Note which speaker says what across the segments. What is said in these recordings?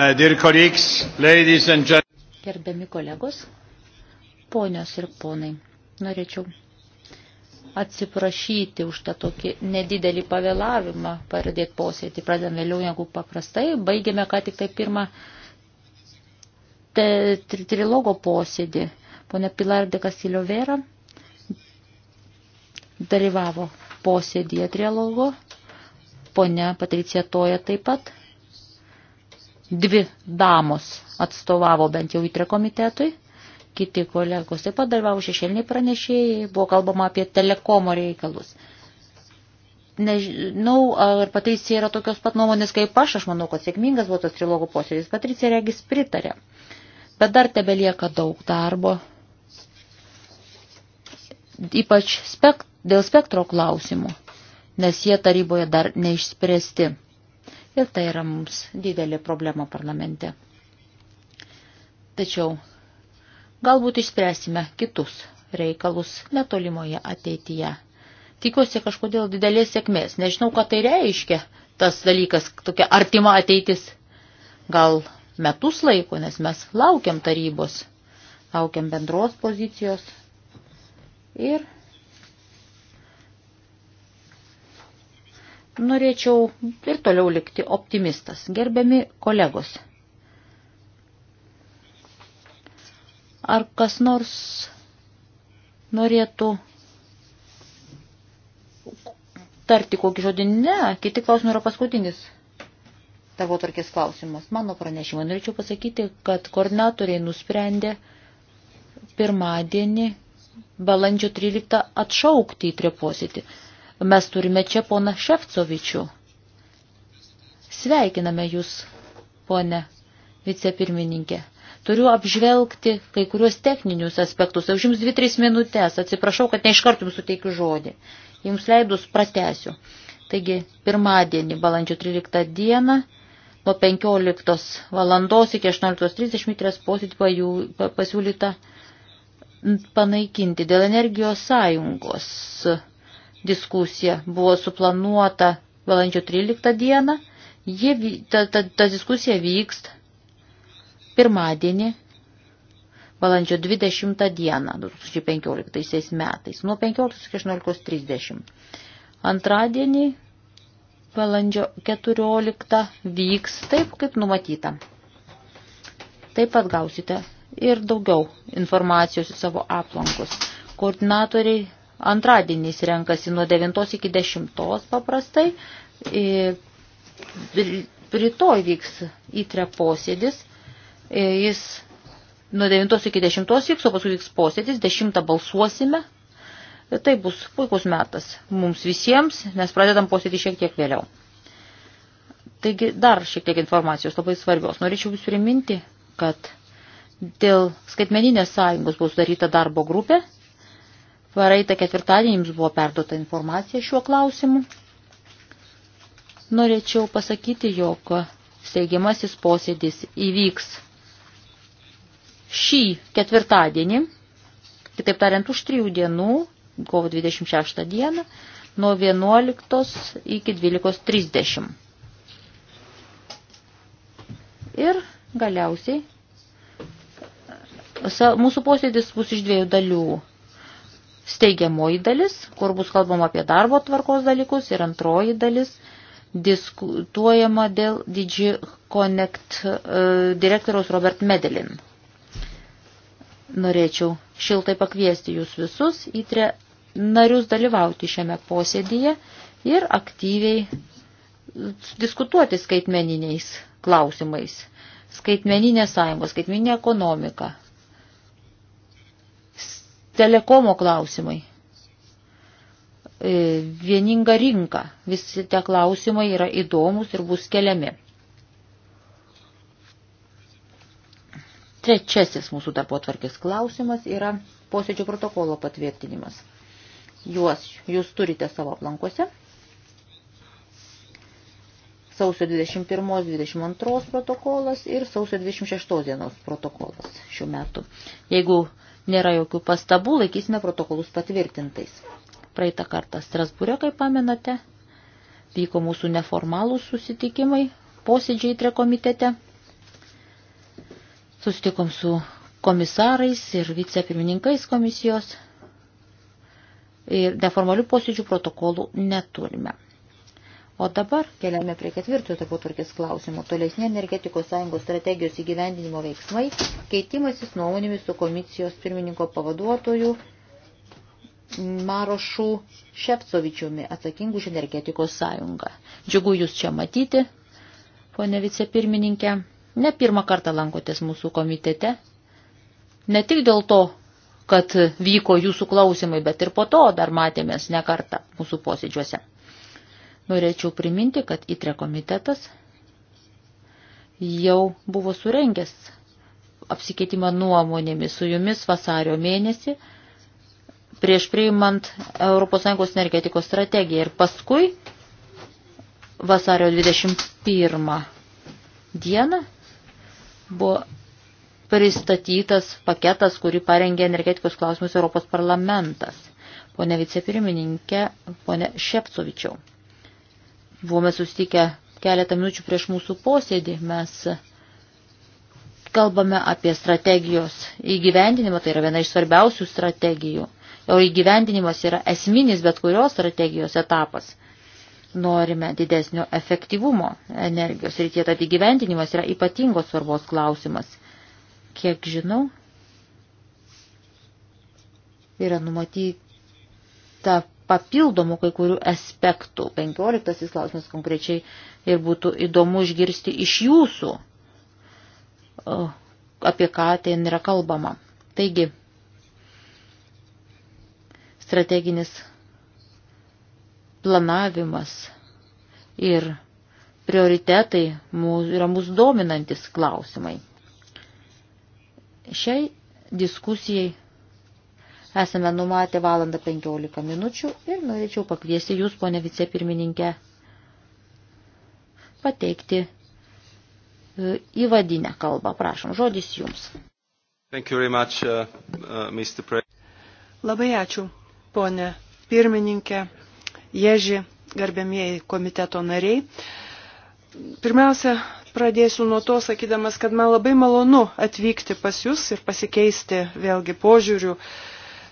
Speaker 1: Uh,
Speaker 2: Gerbiami kolegos, ponios ir ponai, norėčiau atsiprašyti už tą tokį nedidelį pavėlavimą pradėti posėdį. Pradėm vėliau negu paprastai, baigėme ką tik tai pirmą tri trilogo posėdį. Pone Pilar de Castillo Vera dalyvavo posėdėje trilogo, ponia Patricija Toja taip pat Dvi damos atstovavo bent jau įtre komitetui, kiti kolegos taip pat dalyvavo šešėliniai pranešėjai, buvo kalbama apie telekomo reikalus. Nežinau, ar Patricija yra tokios pat nuomonės kaip aš, aš manau, kad sėkmingas buvo tas trilogų posėdis. Patricija regis pritarė, bet dar tebelieka daug darbo, ypač spekt, dėl spektro klausimų, nes jie taryboje dar neišspręsti ir tai yra mums didelė problema parlamente. Tačiau galbūt išspręsime kitus reikalus netolimoje ateityje. Tikiuosi kažkodėl didelės sėkmės, nežinau, ką tai reiškia, tas dalykas, tokia artima ateitis. Gal metus laiko, nes mes laukiam tarybos, laukiam bendros pozicijos ir Norėčiau ir toliau likti optimistas. Gerbiami kolegos. Ar kas nors norėtų tarti kokį žodį? Ne, kiti klausimai yra paskutinis tavo tarkės klausimas. Mano pranešimą norėčiau pasakyti, kad koordinatoriai nusprendė pirmadienį balandžio 13 atšaukti į trepositį. posėdį Mes turime čia poną Šefcovičių. Sveikiname jūs, ponė vicepirmininkė. Turiu apžvelgti kai kuriuos techninius aspektus. Aš jums 2-3 minutės. Atsiprašau, kad neiškart jums suteikiu žodį. Jums leidus pratesiu. Taigi, pirmadienį, balandžio 13 dieną, nuo 15 valandos iki 18.30 mitrės posėdį pasiūlyta panaikinti dėl energijos sąjungos diskusija buvo suplanuota valandžio 13 dieną. Jie, ta, ta, ta diskusija vyks pirmadienį, valandžio 20 dieną, 2015 metais, nuo 15 iki 16.30. Antradienį, valandžio 14 vyks taip, kaip numatyta. Taip pat gausite ir daugiau informacijos į savo aplankus. Koordinatoriai Antradienys renkasi nuo 9 iki 10 paprastai. E, rytoj vyks įtre posėdis. E, jis nuo 9 iki 10 vyks, o paskui vyks posėdis. 10 balsuosime. E, tai bus puikus metas mums visiems, nes pradedam posėdį šiek tiek vėliau. Taigi dar šiek tiek informacijos labai svarbios. Norėčiau jūs priminti, kad dėl skaitmeninės sąjungos bus daryta darbo grupė Praeitą ketvirtadienį jums buvo perduota informacija šiuo klausimu. Norėčiau pasakyti, jog steigiamasis posėdis įvyks šį ketvirtadienį, kitaip tariant, už trijų dienų, kovo 26 dieną, nuo 11 iki 12.30. Ir galiausiai mūsų posėdis bus iš dviejų dalių steigiamoji dalis, kur bus kalbama apie darbo tvarkos dalykus ir antroji dalis diskutuojama dėl Digi Connect e, direktoriaus Robert Medelin. Norėčiau šiltai pakviesti jūs visus į tre narius dalyvauti šiame posėdyje ir aktyviai diskutuoti skaitmeniniais klausimais. Skaitmeninė sąjunga, skaitmeninė ekonomika, telekomo klausimai, e, vieninga rinka, visi tie klausimai yra įdomus ir bus keliami. Trečiasis mūsų darbo tvarkės klausimas yra posėdžio protokolo patvirtinimas. Juos jūs turite savo aplankose. Sausio 21-22 protokolas ir sausio 26 dienos protokolas šių metų. Jeigu nėra jokių pastabų, laikysime protokolus patvirtintais. Praeitą kartą Strasbūrė, kaip pamenate, vyko mūsų neformalūs susitikimai, posėdžiai tre komitete. Susitikom su komisarais ir vicepirmininkais komisijos ir neformalių posėdžių protokolų neturime. O dabar keliame prie ketvirtojo darbotvarkės klausimų. Tolesnė energetikos sąjungos strategijos įgyvendinimo veiksmai, keitimasis nuomonėmis su komisijos pirmininko pavaduotoju Marošu Šepcovičiumi, atsakingu už energetikos sąjungą. Džiugu jūs čia matyti, ponė vicepirmininkė. Ne pirmą kartą lankotės mūsų komitete. Ne tik dėl to, kad vyko jūsų klausimai, bet ir po to dar matėmės ne kartą mūsų posėdžiuose. Norėčiau priminti, kad ITRE komitetas jau buvo surengęs apsikeitimą nuomonėmis su jumis vasario mėnesį prieš priimant ES energetikos strategiją ir paskui vasario 21 dieną buvo pristatytas paketas, kurį parengė energetikos klausimus Europos parlamentas. Pone vicepirmininkė, pone Šepcovičiau. Buvome sustikę keletą minučių prieš mūsų posėdį. Mes kalbame apie strategijos įgyvendinimą, tai yra viena iš svarbiausių strategijų. O įgyvendinimas yra esminis bet kurios strategijos etapas. Norime didesnio efektyvumo energijos rytie, tad įgyvendinimas yra ypatingos svarbos klausimas. Kiek žinau, yra numatyta papildomų kai kurių aspektų. Penkioliktasis klausimas konkrečiai ir būtų įdomu išgirsti iš jūsų, apie ką ten yra kalbama. Taigi, strateginis planavimas ir prioritetai yra mūsų dominantis klausimai. Šiai diskusijai Esame numatę valandą 15 minučių ir norėčiau pakviesti jūs, ponė vicepirmininkė, pateikti e, įvadinę kalbą. Prašom, žodis jums. Thank you very much, uh, uh, Mr. Pre Labai ačiū,
Speaker 3: ponė pirmininkė, Ježi, garbėmieji komiteto nariai. Pirmiausia, pradėsiu nuo to, sakydamas, kad man labai malonu atvykti pas jūs ir pasikeisti vėlgi požiūrių uh,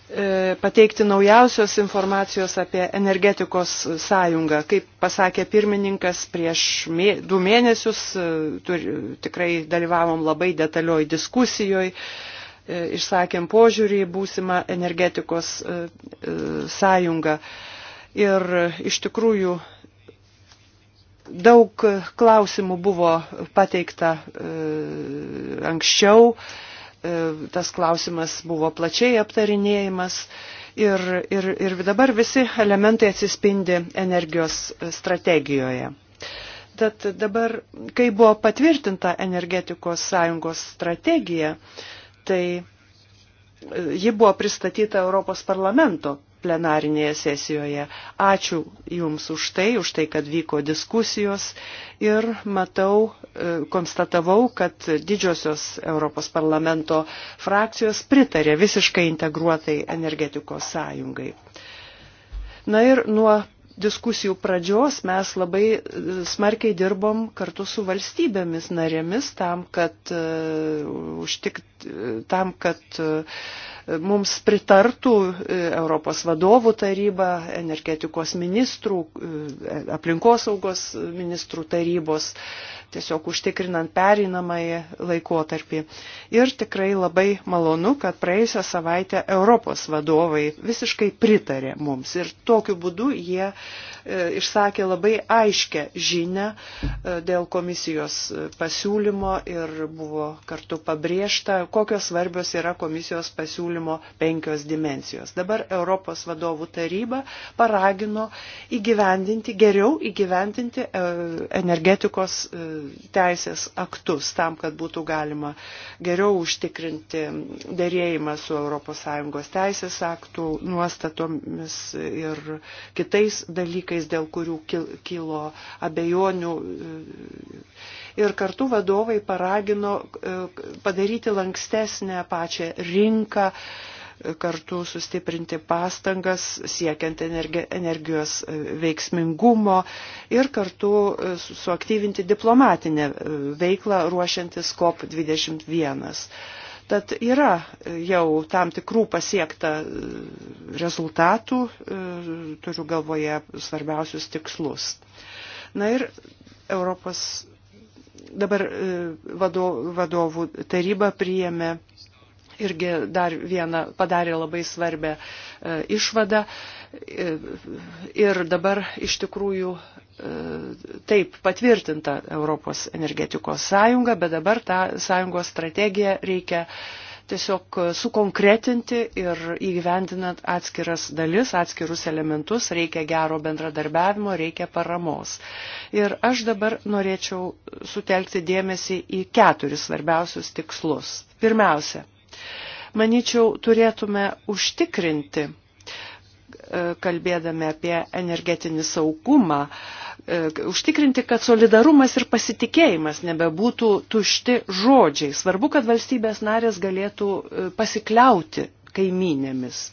Speaker 3: E, pateikti naujausios informacijos apie energetikos sąjungą. Kaip pasakė pirmininkas, prieš mė, du mėnesius e, tur, tikrai dalyvavom labai detalioj diskusijoj, e, išsakėm požiūrį į būsimą energetikos sąjungą. Ir iš tikrųjų daug klausimų buvo pateikta anksčiau E, tas klausimas buvo plačiai aptarinėjimas ir, ir, ir dabar visi elementai atsispindi energijos strategijoje. Tad dabar, kai buvo patvirtinta energetikos sąjungos strategija, tai e, ji buvo pristatyta Europos parlamento plenarinėje sesijoje. Ačiū Jums už tai, už tai, kad vyko diskusijos ir matau, e, konstatavau, kad didžiosios Europos parlamento frakcijos pritarė visiškai integruotai energetikos sąjungai. Na ir nuo diskusijų pradžios mes labai e, smarkiai dirbom kartu su valstybėmis narėmis tam, kad, uh, užtikt, tam, kad uh, mums pritartų e, Europos vadovų taryba, energetikos ministrų, e, aplinkosaugos ministrų tarybos, tiesiog užtikrinant pereinamąjį laikotarpį. Ir tikrai labai malonu, kad praėjusią savaitę Europos vadovai visiškai pritarė mums ir tokiu būdu jie E, išsakė labai aiškę žinę e, dėl komisijos e, pasiūlymo ir buvo kartu pabrėžta, kokios svarbios yra komisijos pasiūlymo penkios dimensijos. Dabar Europos vadovų taryba paragino įgyvendinti, geriau įgyvendinti energetikos teisės aktus tam, kad būtų galima geriau užtikrinti dėrėjimą su ES teisės aktų nuostatomis ir kitais dalykais dalykais, dėl kurių kilo abejonių. E, ir kartu vadovai paragino e, padaryti lankstesnę pačią rinką, e, kartu sustiprinti pastangas siekiant energijos veiksmingumo ir kartu suaktyvinti diplomatinę veiklą ruošiantis COP21. Tad yra jau tam tikrų pasiekta e, rezultatų, e, turiu galvoje svarbiausius tikslus. Na ir Europos dabar e, vadovų taryba priėmė irgi dar vieną padarė labai svarbę išvadą. Ir dabar iš tikrųjų E, taip patvirtinta Europos energetikos sąjunga, bet dabar tą sąjungos strategiją reikia tiesiog sukonkretinti ir įgyvendinant atskiras dalis, atskirus elementus, reikia gero bendradarbiavimo, reikia paramos. Ir aš dabar norėčiau sutelkti dėmesį į keturis svarbiausius tikslus. Pirmiausia, manyčiau, turėtume užtikrinti E, kalbėdami apie energetinį saugumą, e, užtikrinti, kad solidarumas ir pasitikėjimas nebebūtų tušti žodžiai. Svarbu, kad valstybės narės galėtų e, pasikliauti kaiminėmis.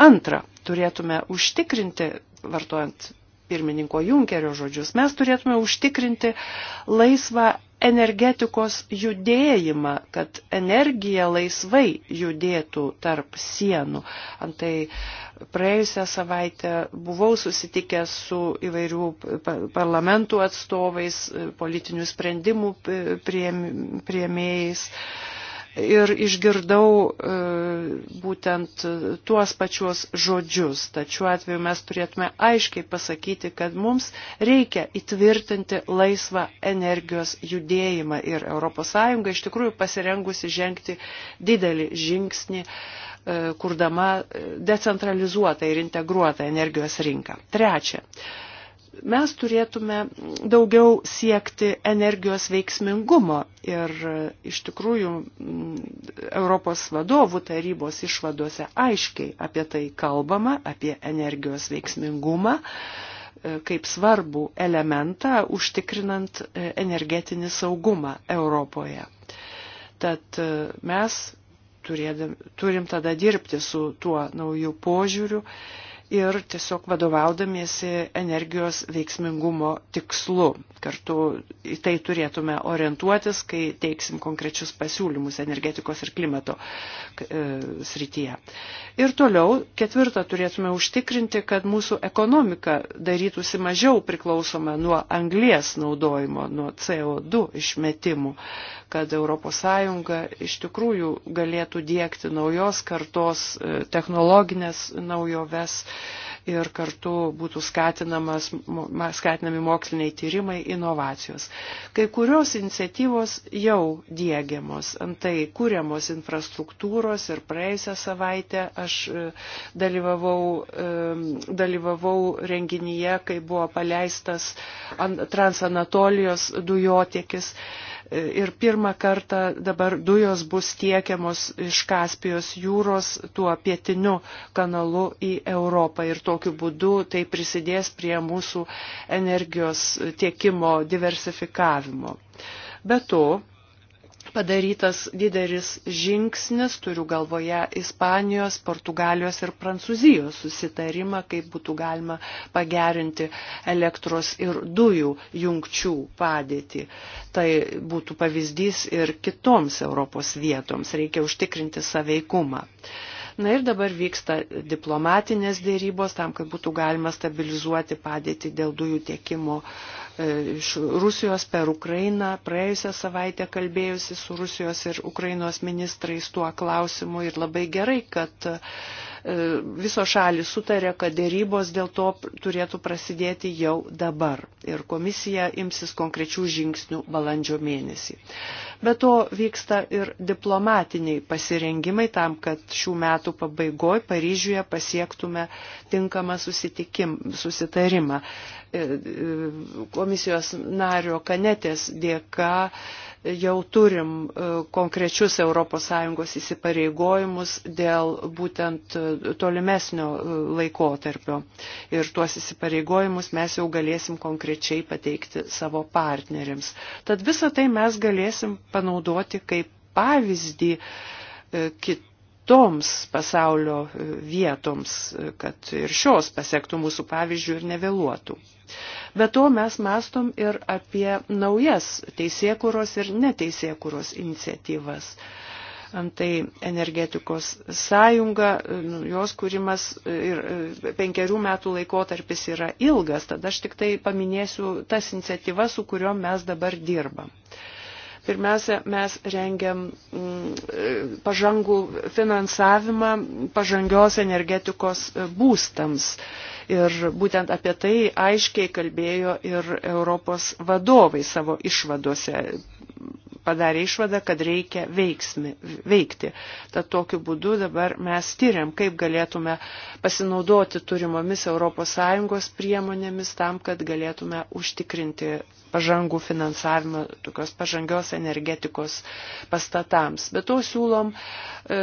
Speaker 3: Antra, turėtume užtikrinti, vartojant pirmininko Junkerio žodžius, mes turėtume užtikrinti laisvą energetikos judėjimą, kad energija laisvai judėtų tarp sienų. Antai praėjusią savaitę buvau susitikęs su įvairių parlamentų atstovais, politinių sprendimų prieimėjais. Priem, ir išgirdau e, būtent tuos pačios žodžius. Tačiau atveju mes turėtume aiškiai pasakyti, kad mums reikia įtvirtinti laisvą energijos judėjimą ir ES iš tikrųjų pasirengusi žengti didelį žingsnį e, kurdama decentralizuotą ir integruotą energijos rinką. Trečia, mes turėtume daugiau siekti energijos veiksmingumo ir iš tikrųjų Europos vadovų tarybos išvadose aiškiai apie tai kalbama, apie energijos veiksmingumą e, kaip svarbų elementą užtikrinant e, energetinį saugumą Europoje. Tad e, mes turėdam, turim tada dirbti su tuo nauju požiūriu ir tiesiog vadovaudamiesi energijos veiksmingumo tikslu. Kartu į tai turėtume orientuotis, kai teiksim konkrečius pasiūlymus energetikos ir klimato e, srityje. Ir toliau, ketvirta, turėtume užtikrinti, kad mūsų ekonomika darytųsi mažiau priklausoma nuo anglies naudojimo, nuo CO2 išmetimų, kad ES iš tikrųjų galėtų dėkti naujos kartos e, technologinės naujoves ir kartu būtų skatinami moksliniai tyrimai, inovacijos. Kai kurios iniciatyvos jau dėgiamos, antai kūriamos infrastruktūros ir praėjusią savaitę aš e, dalyvavau, e, dalyvavau renginyje, kai buvo paleistas Transanatolijos dujotiekis ir pirmą kartą dabar dujos bus tiekiamos iš Kaspijos jūros tuo pietiniu kanalu į Europą ir tokiu būdu tai prisidės prie mūsų energijos tiekimo diversifikavimo. Be to, padarytas didelis žingsnis, turiu galvoje Ispanijos, Portugalijos ir Prancūzijos susitarimą, kaip būtų galima pagerinti elektros ir dujų jungčių padėtį. Tai būtų pavyzdys ir kitoms Europos vietoms, reikia užtikrinti saveikumą. Na ir dabar vyksta diplomatinės dėrybos tam, kad būtų galima stabilizuoti padėtį dėl dujų tiekimo uh, E, iš Rusijos per Ukrainą. Praėjusią savaitę kalbėjusi su Rusijos ir Ukrainos ministrais tuo klausimu ir labai gerai, kad e, viso šalis sutarė, kad dėrybos dėl to turėtų prasidėti jau dabar ir komisija imsis konkrečių žingsnių balandžio mėnesį. Be to vyksta ir diplomatiniai pasirengimai tam, kad šių metų pabaigoje Paryžiuje pasiektume tinkamą susitarimą. E, komisijos nario kanetės dėka jau turim e, konkrečius ES įsipareigojimus dėl būtent e, tolimesnio laikotarpio. Ir tuos įsipareigojimus mes jau galėsim konkrečiai pateikti savo partneriams. Tad visą tai mes galėsim panaudoti kaip pavyzdį kitų kitoms pasaulio e, vietoms, e, kad ir šios pasiektų mūsų pavyzdžių ir nevėluotų. Be to mes mastom ir apie naujas teisėkuros ir neteisėkuros iniciatyvas. Antai energetikos sąjunga, e, nu, jos kūrimas ir penkerių metų laikotarpis yra ilgas, tad aš tik tai paminėsiu tas iniciatyvas, su kuriuom mes dabar dirbam. Uh, Pirmiausia, mes rengiam mm, pažangų finansavimą pažangios energetikos būstams. Ir būtent apie tai aiškiai kalbėjo ir Europos vadovai savo išvadose padarė išvadą, kad reikia veiksmi, veikti. Tad tokiu būdu dabar mes tyriam, kaip galėtume pasinaudoti turimomis ES priemonėmis tam, kad galėtume užtikrinti pažangų finansavimą tokios pažangios energetikos pastatams. Bet to siūlom e,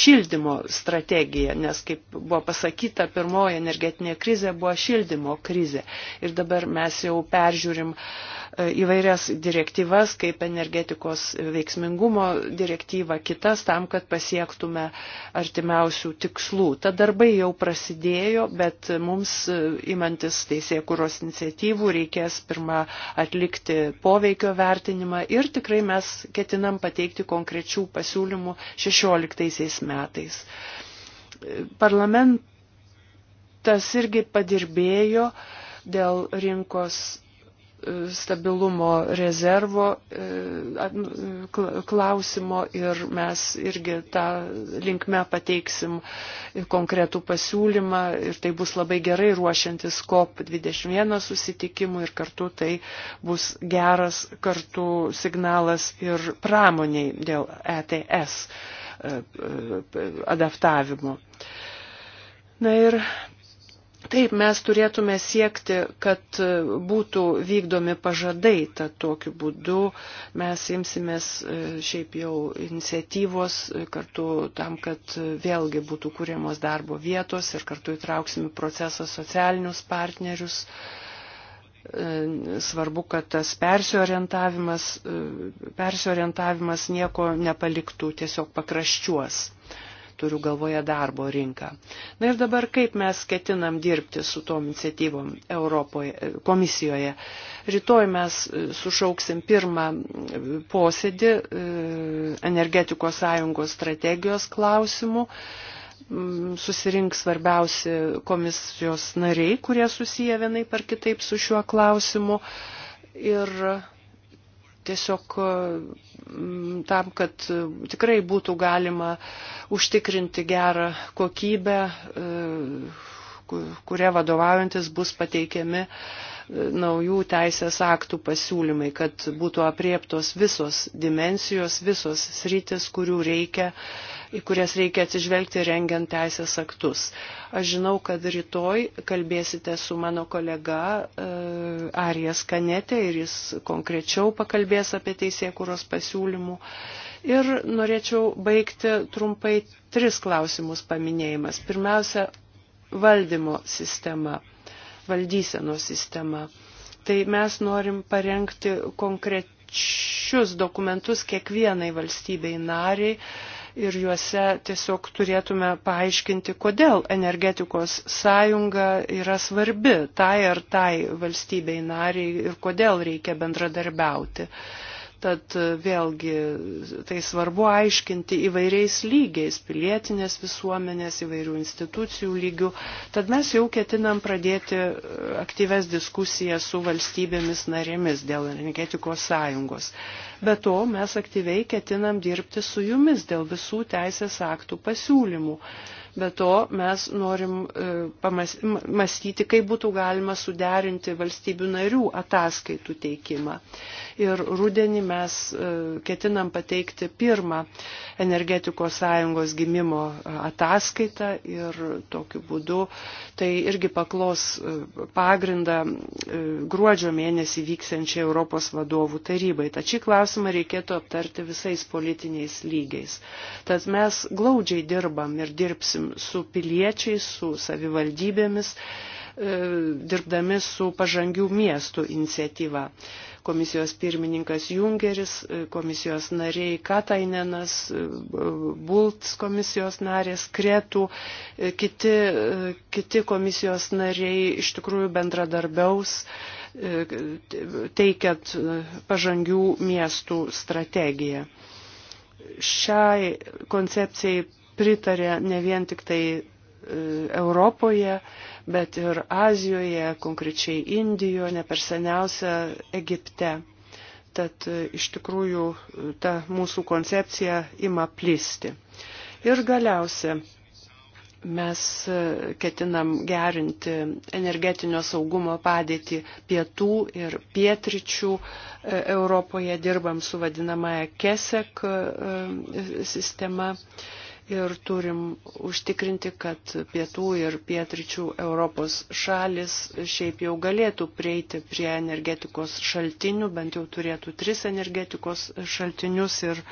Speaker 3: šildymo strategiją, nes kaip buvo pasakyta, pirmoji energetinė krizė buvo šildymo krizė. Ir dabar mes jau peržiūrim e, įvairias direktyvas, kaip energetikos veiksmingumo direktyva, kitas tam, kad pasiektume artimiausių tikslų. Ta darbai jau prasidėjo, bet mums e, imantis teisėkuros politikos iniciatyvų reikės pirmą atlikti poveikio vertinimą ir tikrai mes ketinam pateikti konkrečių pasiūlymų 16 metais. Parlamentas irgi padirbėjo dėl rinkos stabilumo rezervo e, klausimo ir mes irgi tą linkme pateiksim konkretų pasiūlymą ir tai bus labai gerai ruošiantis COP21 susitikimui ir kartu tai bus geras kartu signalas ir pramoniai dėl ETS e, e, adaptavimo. Na ir Taip, mes turėtume siekti, kad būtų vykdomi pažadai, tad tokiu būdu mes imsimės e, šiaip jau iniciatyvos e, kartu tam, kad e, vėlgi būtų kūriamos darbo vietos ir kartu įtrauksime procesą socialinius partnerius. Svarbu, kad tas persiorientavimas, persiorientavimas nieko nepaliktų tiesiog pakraščiuos turiu galvoje darbo rinką. Na ir dabar kaip mes ketinam dirbti su tom iniciatyvom Europoje, komisijoje. Rytoj mes e, sušauksim pirmą posėdį e, energetikos sąjungos strategijos klausimų susirinks svarbiausi komisijos nariai, kurie susiję vienai par kitaip su šiuo klausimu. Ir tiesiog e, tam, kad e, tikrai būtų galima užtikrinti gerą kokybę, e, kuria vadovaujantis bus pateikiami uh, naujų teisės aktų pasiūlymai, kad būtų apriektos visos dimensijos, visos sritis, kurių reikia, į kurias reikia atsižvelgti rengiant teisės aktus. Aš žinau, kad rytoj kalbėsite su mano kolega e, Arijas Kanete ir jis konkrečiau pakalbės apie teisėkuros pasiūlymų. Ir norėčiau baigti trumpai tris klausimus paminėjimas. Pirmiausia, valdymo sistema valdysenos sistema. Tai mes norim parengti konkrečius dokumentus kiekvienai valstybei nariai ir juose tiesiog turėtume paaiškinti, kodėl energetikos sąjunga yra svarbi tai ar tai valstybei nariai ir kodėl reikia bendradarbiauti. Uh, Tad e, vėlgi tai svarbu aiškinti įvairiais lygiais - pilietinės visuomenės, įvairių institucijų lygių. Tad mes jau ketinam pradėti e, aktyves diskusijas su valstybėmis narėmis dėl energetikos sąjungos. Be to, mes aktyviai ketinam dirbti su jumis dėl visų teisės aktų pasiūlymų. Be to mes norim e, pamastyti, kaip būtų galima suderinti valstybių narių ataskaitų teikimą ir rudenį mes e, ketinam pateikti pirmą energetikos sąjungos gimimo e, ataskaitą ir tokiu būdu tai irgi paklos e, pagrindą gruodžio mėnesį vyksiančiai Europos vadovų tarybai. Tačiau klausimą reikėtų aptarti visais politiniais lygiais. Tad mes glaudžiai dirbam ir dirbsim su piliečiais, su savivaldybėmis dirbdami su pažangių miestų iniciatyva komisijos pirmininkas Jungeris, e, komisijos nariai Katainenas, e, Bults komisijos narės, Kretų, e, kiti, kiti komisijos nariai iš tikrųjų bendradarbiaus teikiat pažangių miestų strategiją. Šiai koncepcijai pritarė ne vien tik tai Europoje, bet ir Azijoje, konkrečiai Indijoje, ne per seniausia Egipte. Tad e, iš tikrųjų ta mūsų koncepcija ima plisti. Ir galiausia, mes e, ketinam gerinti energetinio saugumo padėtį pietų ir pietričių e, Europoje, dirbam su vadinamąją KESEK sistema ir turim užtikrinti, kad pietų ir pietryčių Europos šalis šiaip jau galėtų prieiti prie energetikos šaltinių, bent jau turėtų tris energetikos šaltinius ir,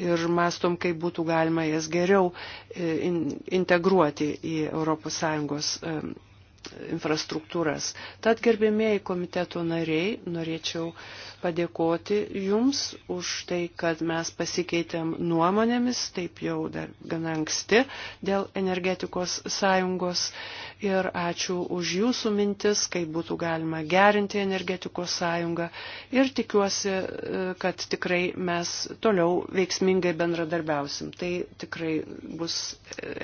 Speaker 3: ir mastom, kaip būtų galima jas geriau e, integruoti į ES e, infrastruktūras. Tad gerbėmėjai komiteto nariai, norėčiau padėkoti Jums už tai, kad mes pasikeitėm nuomonėmis, taip jau dar gana anksti, dėl energetikos sąjungos. Ir ačiū už Jūsų mintis, kaip būtų galima gerinti energetikos sąjungą. Ir tikiuosi, e, kad tikrai mes toliau veiksmingai bendradarbiausim. Tai tikrai bus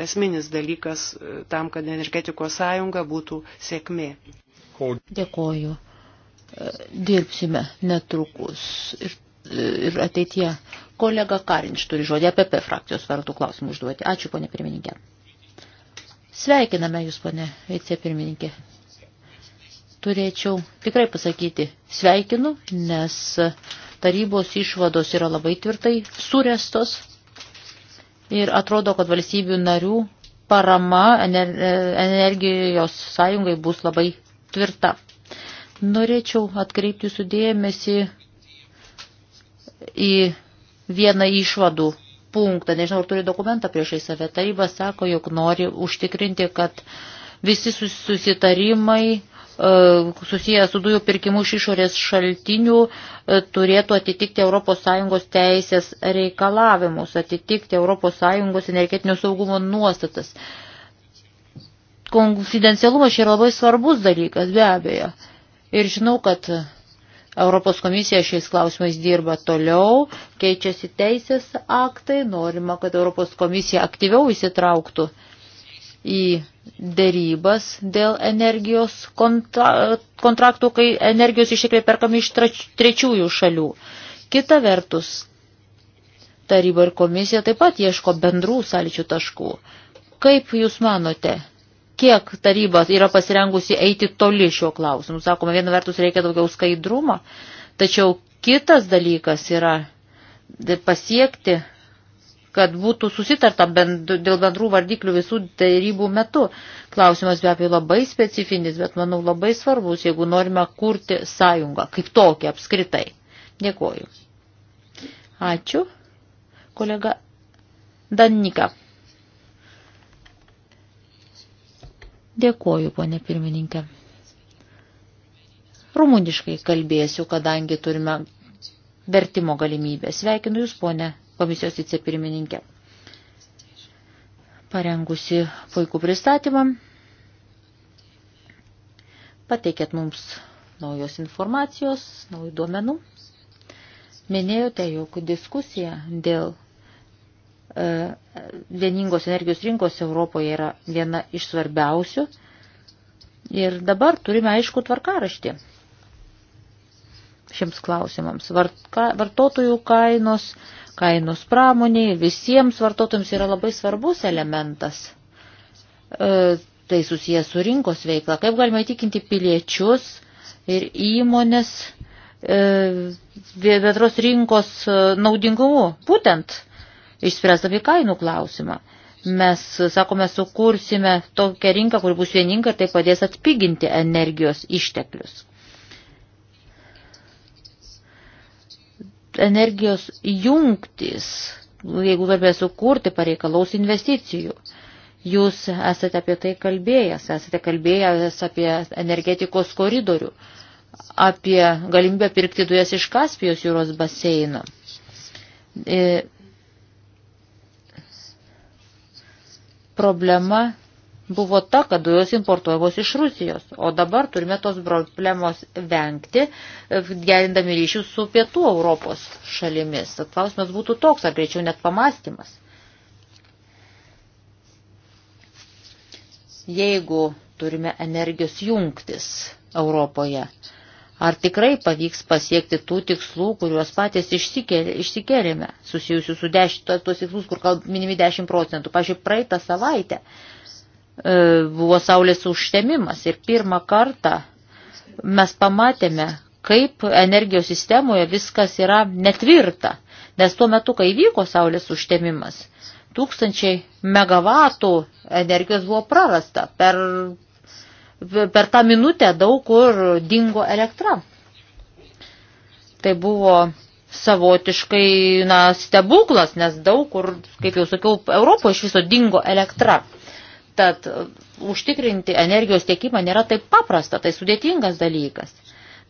Speaker 3: esminis dalykas e, tam, kad energetikos sąjunga būtų sėkmė.
Speaker 2: Dėkoju. E, dirbsime netrukus ir, e, ir ateitie. Kolega Karinč turi žodį apie P frakcijos vardų klausimų užduoti. Ačiū, ponė pirmininkė. Sveikiname Jūs, ponė vicepirmininkė. Turėčiau tikrai pasakyti sveikinu, nes tarybos išvados yra labai tvirtai surestos ir atrodo, kad valstybių narių parama e, energijos sąjungai bus labai tvirta. Norėčiau atkreipti jūsų dėmesį į vieną išvadų punktą. Nežinau, ar turi dokumentą priešai save. Taryba sako, jog nori užtikrinti, kad visi susitarimai e, susiję su dujų pirkimu iš išorės šaltinių e, turėtų atitikti ES teisės reikalavimus, atitikti ES energetinio saugumo nuostatas. Konfidencialumas čia yra labai svarbus dalykas, be abejo. Ir žinau, kad Europos komisija šiais klausimais dirba toliau, keičiasi teisės aktai, norima, kad Europos komisija aktyviau įsitrauktų į dėrybas dėl energijos kontra kontraktų, kai energijos ištekliai perkami iš trečiųjų šalių. Kita vertus, taryba ir komisija taip pat ieško bendrų sąlyčių taškų. Kaip Jūs manote, kiek taryba yra pasirengusi eiti toli šiuo klausimu. Sakoma, viena vertus reikia daugiau skaidrumo, tačiau kitas dalykas yra pasiekti, kad būtų susitarta bend, dėl bendrų vardiklių visų tarybų metu. Klausimas be abejo labai specifinis, bet manau labai svarbus, jeigu norime kurti sąjungą kaip tokią apskritai. Dėkuoju. Ačiū. Kolega Danika. Dėkoju, ponė pirmininkė. Rumuniškai kalbėsiu, kadangi turime vertimo galimybę. Sveikinu Jūs, ponė komisijos vicepirmininkė. Parengusi puikų pristatymą, pateikėt mums naujos informacijos, naujų duomenų. Minėjote, jog diskusija dėl E, vieningos energijos rinkos Europoje yra viena iš svarbiausių. Ir dabar turime aišku tvarkaraštį šiems klausimams. Vartotojų kainos, kainos pramoniai, visiems vartotojams yra labai svarbus elementas. E, tai susijęs su rinkos veikla. Kaip galime įtikinti piliečius ir įmonės e, bendros rinkos e, naudingumu? Būtent išspręsdami kainų klausimą. Mes, sakome, sukursime tokią rinką, kur bus vieninga ir tai padės atpiginti energijos išteklius. Energijos jungtis, jeigu galime sukurti, pareikalaus investicijų. Jūs esate apie tai kalbėjęs, esate kalbėjęs apie energetikos koridorių apie galimybę pirkti dujas iš Kaspijos jūros baseino. E, problema buvo ta, kad dujos importuojamos iš Rusijos, o dabar turime tos problemos vengti, gerindami ryšius su pietų Europos šalimis. Klausimas būtų toks, ar greičiau net pamastymas. Jeigu turime energijos jungtis Europoje, Ar tikrai pavyks pasiekti tų tikslų, kuriuos patys išsikėlėme, susijusių su deš, tuos tikslus, kur kalb, minimi 10 procentų. Pavyzdžiui, praeitą savaitę e, buvo saulės užtemimas ir pirmą kartą mes pamatėme, kaip energijos sistemoje viskas yra netvirta, nes tuo metu, kai vyko saulės užtemimas, tūkstančiai megavatų energijos buvo prarasta per per tą minutę daug kur dingo elektra. Tai buvo savotiškai na, stebuklas, nes daug kur, kaip jau sakiau, Europoje iš viso dingo elektra. Tad e, užtikrinti energijos tiekimą nėra taip paprasta, tai sudėtingas dalykas.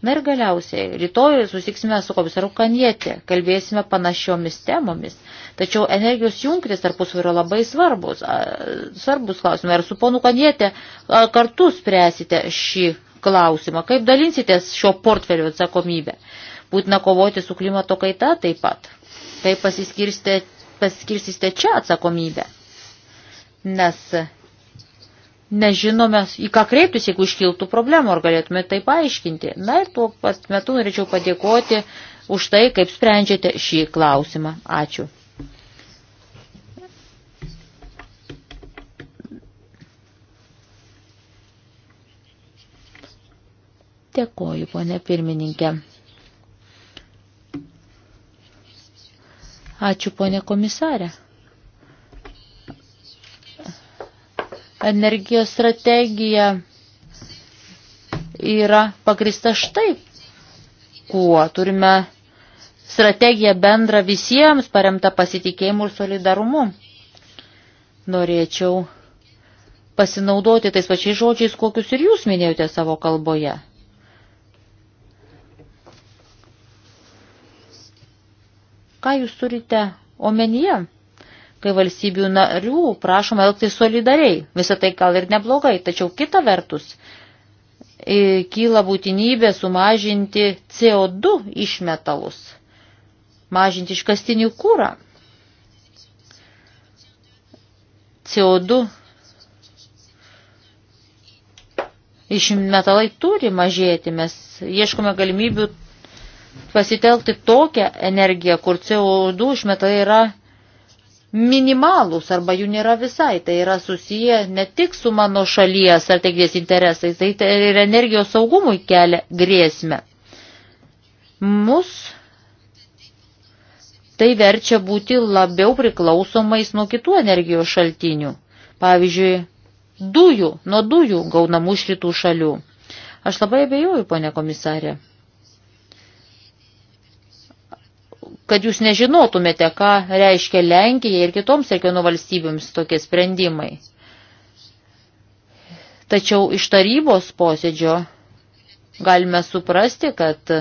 Speaker 2: Na ir galiausiai, rytoj susiksime su komisaru Kanietė, kalbėsime panašiomis temomis. Tačiau energijos jungtis tarpusavio yra labai svarbus. Svarbus klausimai. Ar su ponu Kanietė kartu spręsite šį klausimą? Kaip dalinsitės šio portfelio atsakomybę? Būtina kovoti su klimato kaita taip pat. Kaip pasiskirsite čia atsakomybę? Nes nežinome, į ką kreiptis, jeigu iškiltų problemų, ar galėtume tai paaiškinti. Na ir tuo pat metu norėčiau padėkoti už tai, kaip sprendžiate šį klausimą. Ačiū. Dėkoju, ponė pirmininkė. Ačiū, ponė komisarė. Energijos strategija yra pagrista štai kuo. Turime strategiją bendrą visiems, paremta pasitikėjimu ir solidarumu. Norėčiau pasinaudoti tais pačiais žodžiais, kokius ir jūs minėjote savo kalboje. Ką jūs turite omenyje, kai valstybių narių prašoma elgtis solidariai? Visą tai gal ir neblogai, tačiau kita vertus e, kyla būtinybė sumažinti CO2 išmetalus, mažinti iškastinį kūrą. CO2 išmetalai turi mažėti, mes ieškome galimybių pasitelkti tokią energiją, kur CO2 išmetai yra minimalūs arba jų nėra visai. Tai yra susiję ne tik su mano šalies strategijos interesais, tai, tai ir energijos saugumui kelia grėsmę. Mus tai verčia būti labiau priklausomais nuo kitų energijos šaltinių. Pavyzdžiui, dujų, nuo dujų gaunamų iš rytų šalių. Aš labai abejoju, ponė komisarė. kad jūs nežinotumėte, ką reiškia Lenkija ir kitoms regionų valstybėms tokie sprendimai. Tačiau iš tarybos posėdžio galime suprasti, kad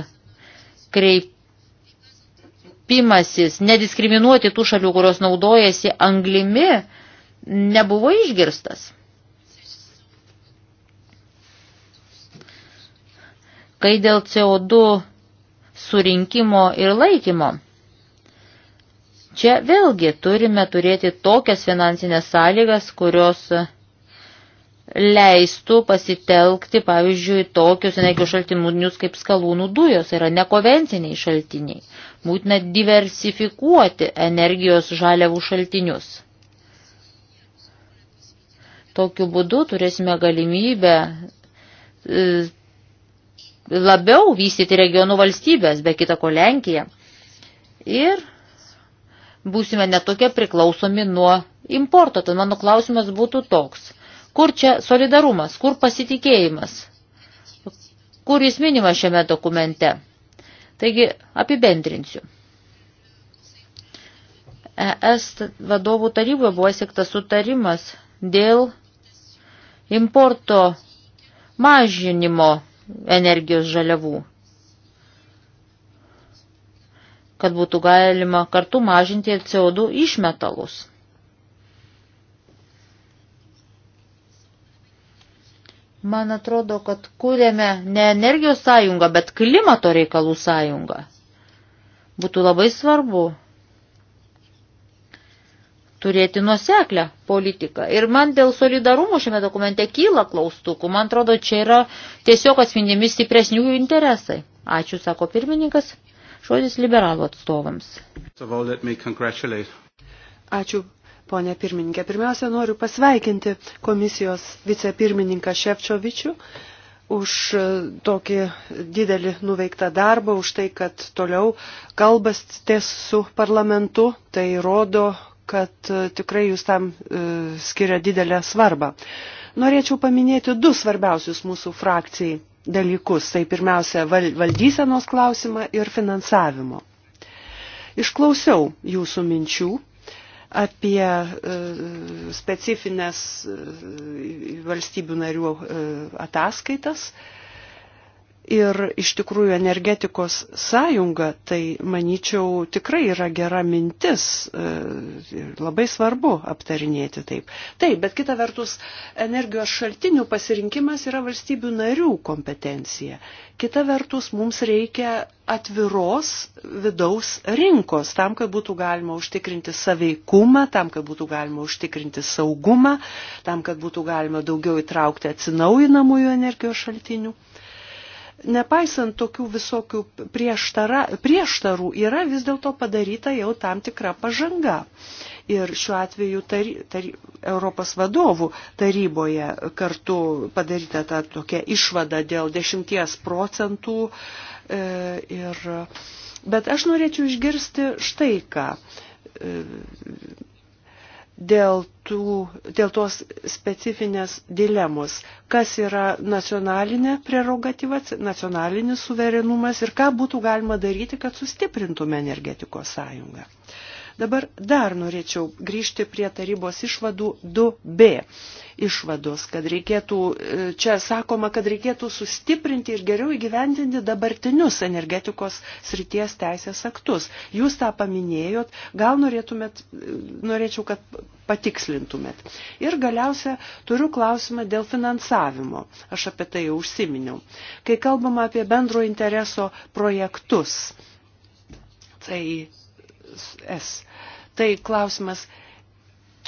Speaker 2: kreipimasis nediskriminuoti tų šalių, kurios naudojasi anglimi, nebuvo išgirstas. Kai dėl CO2 surinkimo ir laikymo. Čia vėlgi turime turėti tokias finansinės sąlygas, kurios leistų pasitelkti, pavyzdžiui, tokius energijos šaltinius kaip skalūnų dujos, tai yra nekonvenciniai šaltiniai. Būtina diversifikuoti energijos žaliavų šaltinius. Tokiu būdu turėsime galimybę e, labiau vystyti regionų valstybės, be kita ko Lenkiją. Ir būsime netokie priklausomi nuo importo. Tad mano klausimas būtų toks. Kur čia solidarumas, kur pasitikėjimas, kur jis minimas šiame dokumente? Taigi apibendrinsiu. ES vadovų taryboje buvo siektas sutarimas dėl importo mažinimo energijos žaliavų, kad būtų galima kartu mažinti CO2 išmetalus. Man atrodo, kad kūrėme ne energijos sąjungą, bet klimato reikalų sąjungą. Būtų labai svarbu turėti nuseklę politiką. Ir man dėl solidarumo šiame dokumente kyla klaustukų. Man atrodo, čia yra tiesiog atspindimi stipresniųjų interesai. Ačiū, sako pirmininkas. Žodis liberalų atstovams. Ačiū, ponė pirmininkė. Pirmiausia, noriu pasveikinti
Speaker 3: komisijos vicepirmininką Ševčiovičių už e, tokį didelį nuveiktą darbą, už tai, kad toliau kalbas ties su parlamentu, tai rodo kad e, tikrai jūs tam e, skiria didelę svarbą. Norėčiau paminėti du svarbiausius mūsų frakcijai dalykus. Tai pirmiausia valdysenos klausimą ir finansavimo. Išklausiau jūsų minčių apie e, specifines valstybių narių ataskaitas ir iš tikrųjų energetikos sąjunga, tai manyčiau tikrai yra gera mintis, e, labai svarbu aptarinėti taip. Taip, bet kita vertus, energijos šaltinių pasirinkimas yra valstybių narių kompetencija. Kita vertus, mums reikia atviros vidaus rinkos tam, kad būtų galima užtikrinti saveikumą, tam, kad būtų galima užtikrinti saugumą, tam, kad būtų galima daugiau įtraukti atsinaujinamųjų energijos šaltinių nepaisant tokių visokių prieštara, prieštarų, yra vis dėlto padaryta jau tam tikra pažanga. Ir šiuo atveju tari, tari, Europos vadovų taryboje kartu padaryta ta tokia išvada dėl 10 procentų. E, ir, bet aš norėčiau išgirsti štai ką. E, dėl, tų, dėl tos specifinės dilemos, kas yra nacionalinė prerogatyva, nacionalinis suverenumas ir ką būtų galima daryti, kad sustiprintume energetikos sąjungą. Dabar dar norėčiau grįžti prie tarybos išvadų 2b išvados, kad reikėtų, e, čia sakoma, kad reikėtų sustiprinti ir geriau įgyvendinti dabartinius energetikos srities teisės aktus. Jūs tą paminėjot, gal norėtumėt, e, norėčiau, kad patikslintumėt. Ir galiausia, turiu klausimą dėl finansavimo. Aš apie tai jau užsiminiau. Kai kalbama apie bendro intereso projektus, tai S. Tai klausimas,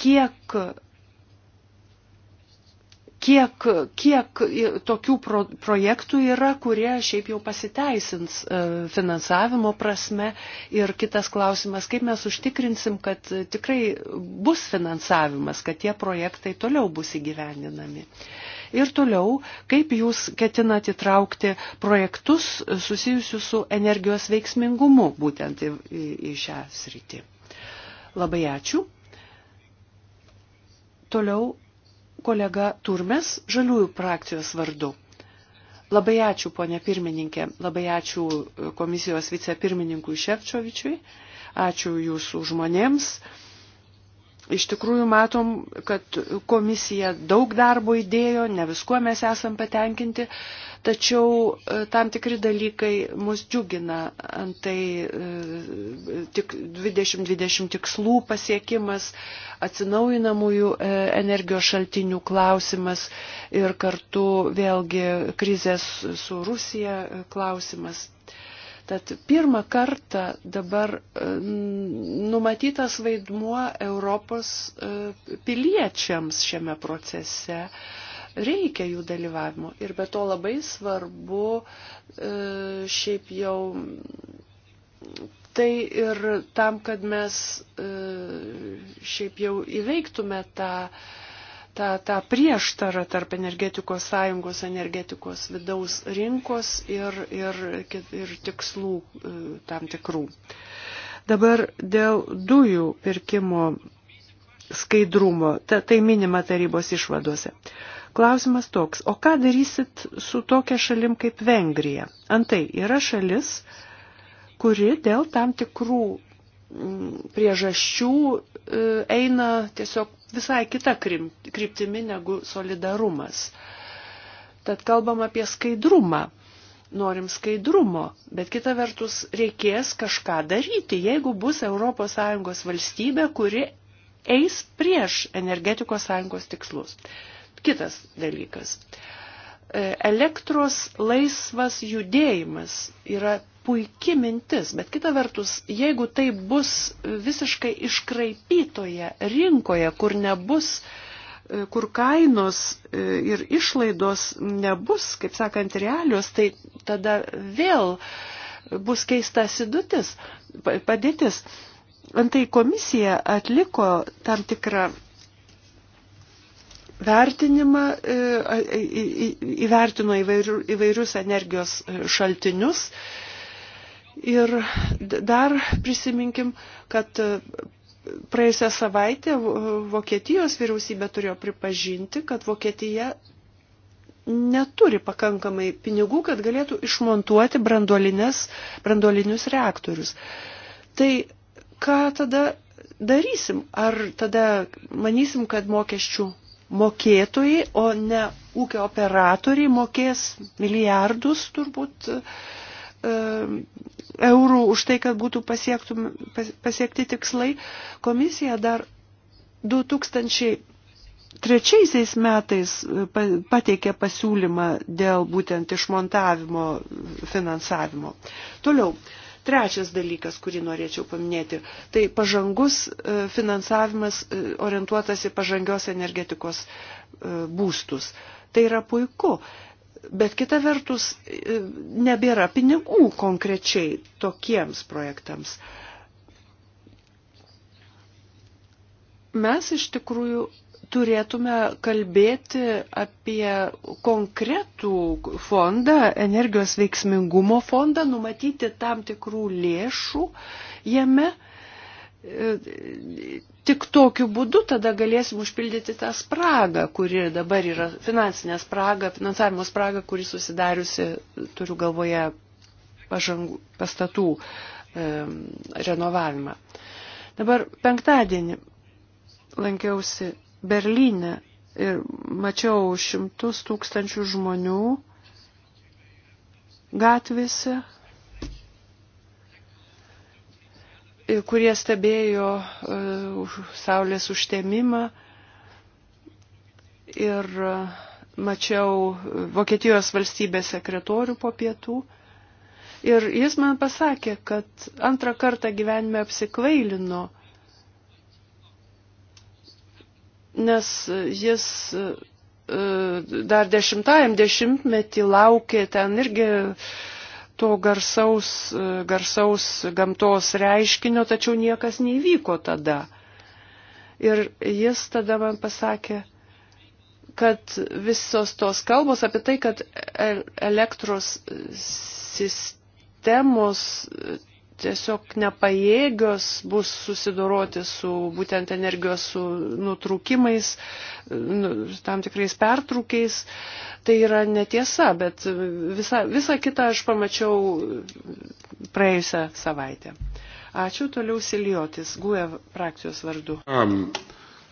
Speaker 3: kiek kiek, kiek tokių pro, projektų yra, kurie šiaip jau pasiteisins e, finansavimo prasme. Ir kitas klausimas, kaip mes užtikrinsim, kad tikrai bus finansavimas, kad tie projektai toliau bus įgyvendinami. Ir toliau, kaip jūs ketinat įtraukti projektus susijusius su energijos veiksmingumu būtent į, į, į šią sritį. Labai ačiū. Toliau kolega Turmes žaliųjų frakcijos vardu. Labai ačiū, ponė pirmininkė, labai ačiū komisijos vicepirmininkui Šepčiovičiui, ačiū jūsų žmonėms iš tikrųjų matom, kad komisija daug darbo įdėjo, ne viskuo mes esam patenkinti, tačiau e, tam tikri dalykai mus džiugina. Antai e, tik 2020 tikslų pasiekimas, atsinaujinamųjų e, energijos šaltinių klausimas ir kartu vėlgi krizės su Rusija klausimas. Tad pirmą kartą dabar e, numatytas vaidmuo Europos e, piliečiams šiame procese reikia jų dalyvavimo. Ir be to labai svarbu e, šiaip jau tai ir tam, kad mes šiaip jau įveiktume tą tą, tą prieštarą tarp energetikos sąjungos, energetikos vidaus rinkos ir, ir, ir tikslų e, tam tikrų. Dabar dėl dujų pirkimo skaidrumo, ta, tai minima tarybos išvadose. Klausimas toks, o ką darysit su tokia šalim kaip Vengrija? Antai yra šalis, kuri dėl tam tikrų priežasčių e, eina tiesiog visai kita kryptimi negu solidarumas. Tad kalbam apie skaidrumą. Norim skaidrumo, bet kita vertus reikės kažką daryti, jeigu bus ES valstybė, kuri eis prieš energetikos sąjungos tikslus. Kitas dalykas. Uh, E, elektros laisvas judėjimas yra puikia mintis, bet kita vertus, jeigu tai bus visiškai iškraipytoje rinkoje, kur nebus e, kur kainos e, ir išlaidos nebus, kaip sakant, realios, tai tada vėl bus keista sidutis, padėtis. Antai komisija atliko tam tikrą vertinimą, e, įvertino įvairius energijos e, šaltinius. Ir dar prisiminkim, kad e, praėjusią savaitę Vokietijos vyriausybė turėjo pripažinti, kad Vokietija neturi pakankamai pinigų, kad galėtų išmontuoti branduolinius reaktorius. Tai ką tada darysim? Ar tada manysim, kad mokesčių mokėtojai, o ne ūkio operatoriai mokės milijardus turbūt e, eurų už tai, kad būtų pasiektum, pasiekti tikslai. Komisija dar 2003 metais e, pateikė pasiūlymą dėl būtent išmontavimo finansavimo. Toliau, Trečias dalykas, kurį norėčiau paminėti, tai pažangus e, finansavimas e, orientuotas į pažangios energetikos e, būstus. Tai yra puiku. Bet kita vertus, nebėra pinigų konkrečiai tokiems projektams. Mes iš tikrųjų turėtume kalbėti apie konkretų fondą, energijos veiksmingumo fondą, numatyti tam tikrų lėšų jame. Tik tokiu būdu tada galėsim užpildyti tą spragą, kuri dabar yra finansinė spraga, finansavimo spraga, kuri susidariusi, turiu galvoje, pažangų, pastatų e, renovavimą. Dabar penktadienį lankiausi Berlyne ir mačiau šimtus tūkstančių žmonių gatvėse, kurie stebėjo e, saulės užtemimą ir e, mačiau Vokietijos valstybės sekretorių po pietų. Ir jis man pasakė, kad antrą kartą gyvenime apsikvailino nes jis e, dar dešimtajam dešimtmetį laukė ten irgi to garsaus, e, garsaus gamtos reiškinio, tačiau niekas neįvyko tada. Ir jis tada man pasakė, kad visos tos kalbos apie tai, kad elektros sistemos tiesiog nepajėgios bus susidoroti su būtent energijos su nutrūkimais, nu, tam tikrais pertrūkiais. Tai yra netiesa, bet visą, visą kitą aš pamačiau praėjusią savaitę. Ačiū toliau Siliotis, GUE frakcijos vardu. Um.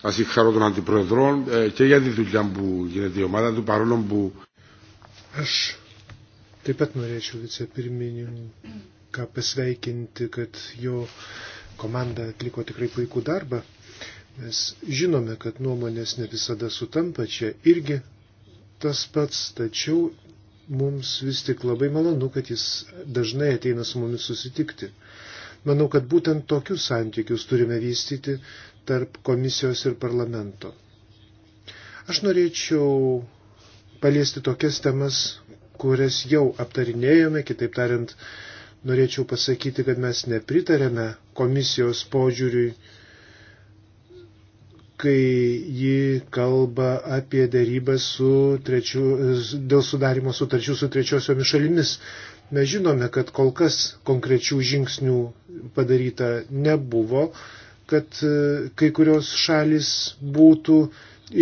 Speaker 3: Ας ευχαρώ τον Αντιπρόεδρο ε, και για τη δουλειά που γίνεται η ομάδα του παρόλο που...
Speaker 1: Aš taip pat norėčiau vicepirmininkui ką pasveikinti, kad jo komanda atliko tikrai puikų darbą. Mes žinome, kad nuomonės ne visada sutampa, čia irgi tas pats, tačiau mums vis tik labai malonu, kad jis dažnai ateina su mumis susitikti. Manau, kad būtent tokius santykius turime vystyti tarp komisijos ir parlamento. Aš norėčiau paliesti tokias temas, kurias jau aptarinėjome, kitaip tariant, norėčiau pasakyti, kad mes nepritarėme komisijos požiūriui, kai ji kalba apie dėrybą su trečiu, dėl sudarimo sutarčių su trečiosiomis šalimis. Mes žinome, kad kol kas konkrečių žingsnių padaryta nebuvo, kad e, kai kurios šalis būtų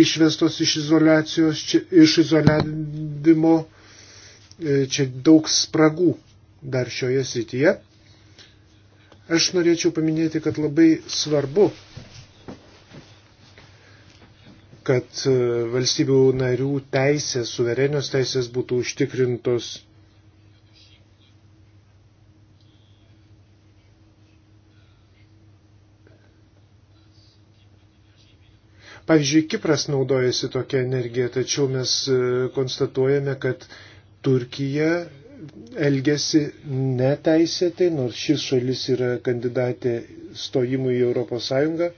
Speaker 1: išvestos iš izolacijos, iš izoliavimo. E, čia daug spragų dar šioje srityje. Aš norėčiau paminėti, kad labai svarbu, kad e, valstybių narių teisės, suverenios teisės būtų užtikrintos Pavyzdžiui, Kipras naudojasi tokią energiją, tačiau mes e, konstatuojame, kad Turkija elgesi neteisėtai, nors šis šalis yra kandidatė stojimui į Europos Sąjungą.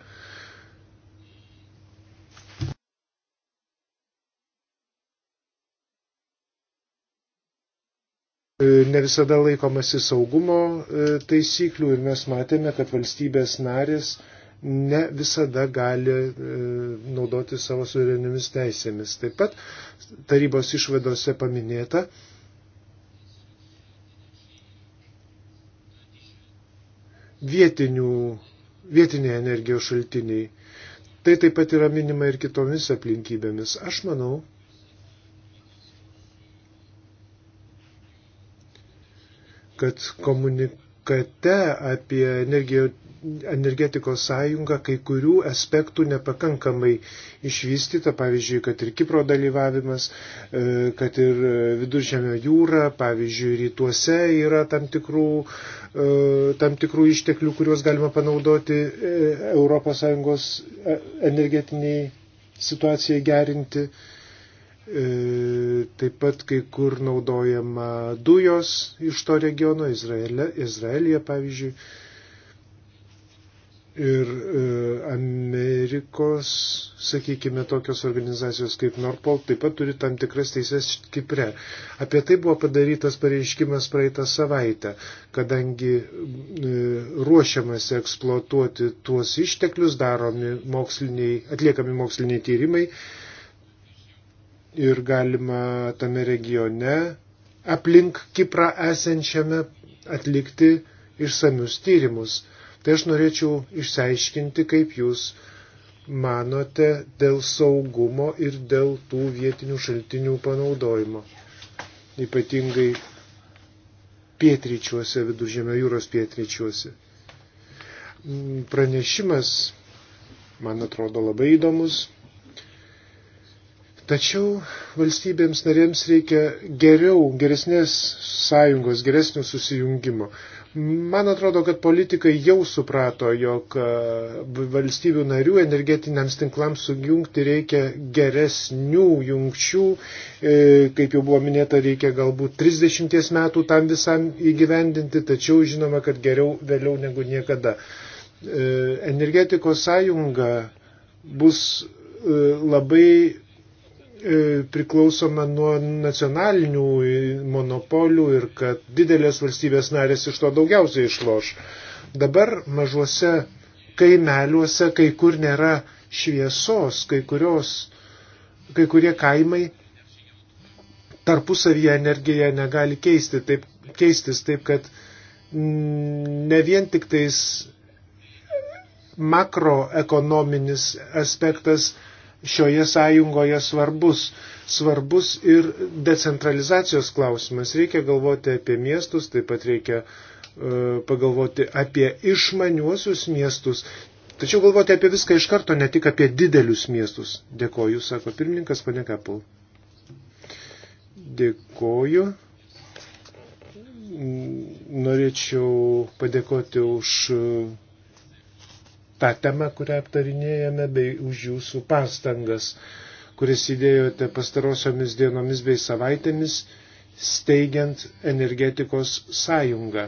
Speaker 1: E, ne visada laikomasi saugumo e, taisyklių ir mes matėme, kad valstybės narės ne visada gali e, naudoti savo suvereniomis teisėmis. Taip pat tarybos išvadose paminėta, vietinių, vietiniai energijos šaltiniai. Tai taip pat yra minima ir kitomis aplinkybėmis. Aš manau, kad komunikacija komunikate apie energijo, energetikos sąjungą kai kurių aspektų nepakankamai išvystyta, pavyzdžiui, kad ir Kipro dalyvavimas, e, kad ir viduržėmio jūra, pavyzdžiui, rytuose yra tam tikrų, e, tam tikrų išteklių, kuriuos galima panaudoti ES e, energetiniai situacijai gerinti. E, taip pat kai kur naudojama dujos iš to regiono, Izraelė, Izraelija pavyzdžiui. Ir e, Amerikos, sakykime, tokios organizacijos kaip Norpol taip pat turi tam tikras teises Kipre. Apie tai buvo padarytas pareiškimas praeitą savaitę, kadangi e, ruošiamasi eksploatuoti tuos išteklius, daromi moksliniai, atliekami moksliniai tyrimai. E, ir galima tame regione aplink Kiprą esančiame atlikti išsamius tyrimus. Tai aš norėčiau išsiaiškinti, kaip jūs manote dėl saugumo ir dėl tų vietinių šaltinių panaudojimo. Ypatingai pietryčiuose, viduržėmio jūros pietryčiuose. Mm, pranešimas, man atrodo, labai įdomus. Tačiau valstybėms narėms reikia geriau, geresnės sąjungos, geresnio susijungimo. Man atrodo, kad politikai jau suprato, jog e, valstybių narių energetiniams tinklams sujungti reikia geresnių jungčių. E, kaip jau buvo minėta, reikia galbūt 30 metų tam visam įgyvendinti, tačiau žinoma, kad geriau vėliau negu niekada. E, energetikos sąjunga bus labai E, priklausome nuo nacionalinių monopolių ir kad didelės valstybės narės iš to daugiausiai išloš. Dabar mažuose kaimeliuose, kai kur nėra šviesos, kai, kurios, kai kurie kaimai tarpusavyje energiją negali keisti, taip, keistis, taip kad ne vien tik tais makroekonominis aspektas šioje sąjungoje svarbus. Svarbus ir decentralizacijos klausimas. Reikia galvoti apie miestus, taip pat reikia e, pagalvoti apie išmaniuosius miestus. Tačiau galvoti apie viską iš karto, ne tik apie didelius miestus. Dėkoju, sako pirmininkas, pane Kapul. Dėkoju norėčiau padėkoti už tą temą, kurią aptarinėjame, bei už jūsų pastangas, kuris įdėjote pastarosiomis dienomis bei savaitėmis, steigiant energetikos sąjungą.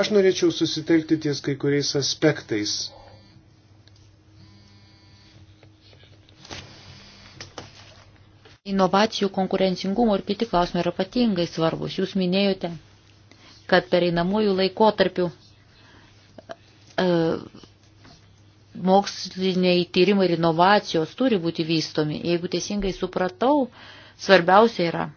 Speaker 1: Aš norėčiau susitelkti ties kai kuriais aspektais.
Speaker 2: Inovacijų konkurencingumo ir kiti klausimai yra patingai svarbus. Jūs minėjote, kad pereinamųjų laikotarpių e, moksliniai tyrimai ir inovacijos turi būti vystomi. Jeigu teisingai supratau, svarbiausia yra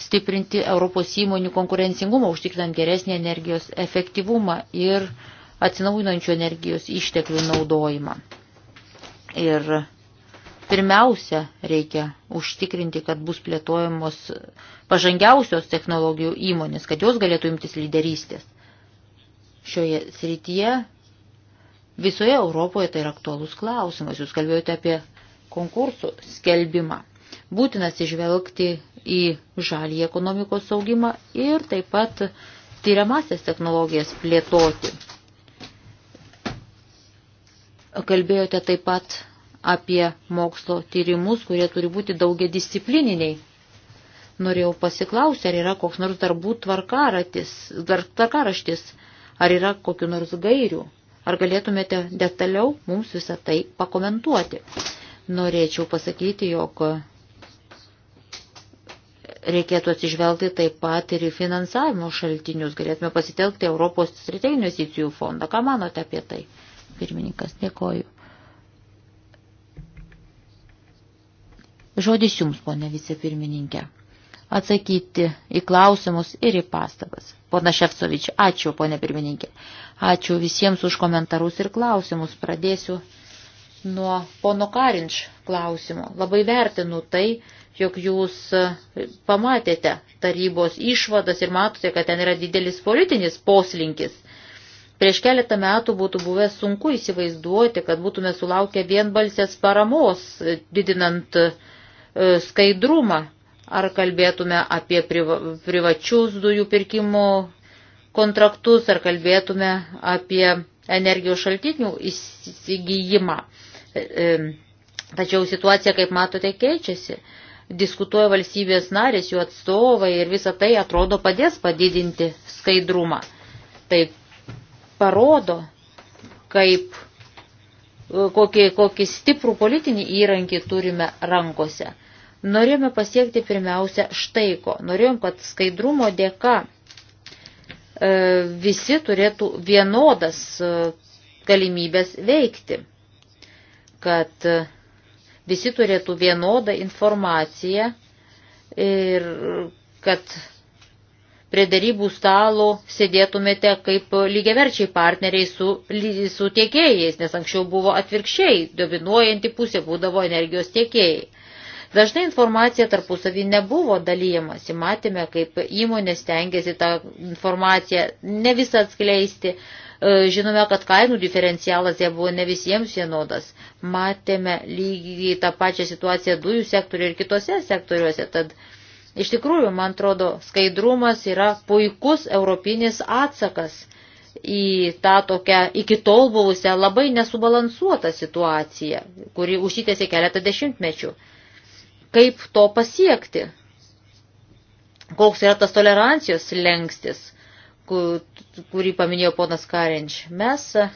Speaker 2: stiprinti Europos įmonių konkurencingumą, užtikrinant geresnį energijos efektyvumą ir atsinaujinančių energijos išteklių naudojimą. Ir pirmiausia, reikia užtikrinti, kad bus plėtojamos pažangiausios technologijų įmonės, kad jos galėtų imtis lyderystės. Šioje srityje Visoje Europoje tai yra aktualus klausimas. Jūs kalbėjote apie konkursų skelbimą. Būtina atsižvelgti į žalį ekonomikos saugimą ir taip pat tyriamasias technologijas plėtoti. Kalbėjote taip pat apie mokslo tyrimus, kurie turi būti daugia disciplininiai. Norėjau pasiklausti, ar yra koks nors darbų tvarkaratis, tvarkaraštis, ar yra kokiu nors gairių. Ar galėtumėte detaliau mums visą tai pakomentuoti? Norėčiau pasakyti, jog reikėtų atsižvelgti taip pat ir į finansavimo šaltinius. Galėtume pasitelkti Europos strateginių investicijų fondą. Ką manote apie tai? Pirmininkas, dėkoju. Žodis jums, ponė vicepirmininkė. pirmininkė atsakyti į klausimus ir į pastabas. Pona Šefcovič, ačiū, ponė pirmininkė. Ačiū visiems už komentarus ir klausimus. Pradėsiu nuo pono Karinč klausimo. Labai vertinu tai, jog jūs pamatėte tarybos išvadas ir matote, kad ten yra didelis politinis poslinkis. Prieš keletą metų būtų buvę sunku įsivaizduoti, kad būtume sulaukę vienbalsės paramos, didinant e, skaidrumą ar kalbėtume apie privačius dujų pirkimo kontraktus, ar kalbėtume apie energijos šaltinių įsigijimą. E, e, tačiau situacija, kaip matote, keičiasi. Diskutuoja valstybės narės, jų atstovai ir visa tai atrodo padės padidinti skaidrumą. Tai parodo, kaip e, kokį, kokį stiprų politinį įrankį turime rankose. Norėjome pasiekti pirmiausia štaiko. Norėjom, kad skaidrumo dėka e, visi turėtų vienodas e, galimybės veikti, kad e, visi turėtų vienodą informaciją ir kad prie darybų stalo sėdėtumėte kaip lygiaverčiai partneriai su, su tiekėjais, nes anksčiau buvo atvirkščiai, dominuojanti pusė būdavo energijos tiekėjai. Dažnai informacija tarpusavį nebuvo dalyjamasi, matėme, kaip įmonės tengiasi tą informaciją ne visą atskleisti, e, žinome, kad kainų diferencialas jie buvo ne visiems vienodas, matėme lygiai tą pačią situaciją dujų sektoriuje ir kitose sektoriuose, tad iš tikrųjų, man atrodo, skaidrumas yra puikus europinis atsakas į tą tokią iki tol buvusią labai nesubalansuotą situaciją, kuri užsitėsi keletą dešimtmečių kaip to pasiekti, koks yra tas tolerancijos lengstis, kurį paminėjo ponas Karenč. Mes e,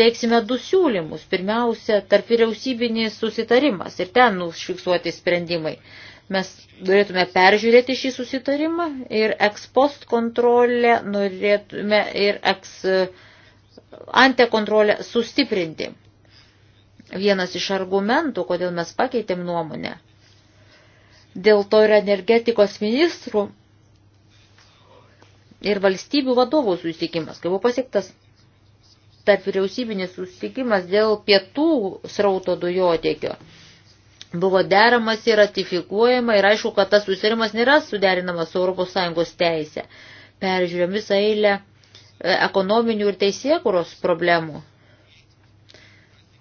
Speaker 2: teiksime du siūlymus. Pirmiausia, tarp vyriausybinis susitarimas ir ten užfiksuoti sprendimai. Mes norėtume peržiūrėti šį susitarimą ir ekspost kontrolę norėtume ir eks e, ante kontrolę sustiprinti vienas iš argumentų, kodėl mes pakeitėm nuomonę. Dėl to ir energetikos ministrų ir valstybių vadovų susitikimas, kai buvo pasiektas tarp vyriausybinis susitikimas dėl pietų srauto dujotiekio. Buvo deramas ir ratifikuojama ir aišku, kad tas susirimas nėra suderinamas su ES teisė. Peržiūrėm visą eilę e, ekonominių ir teisėkuros problemų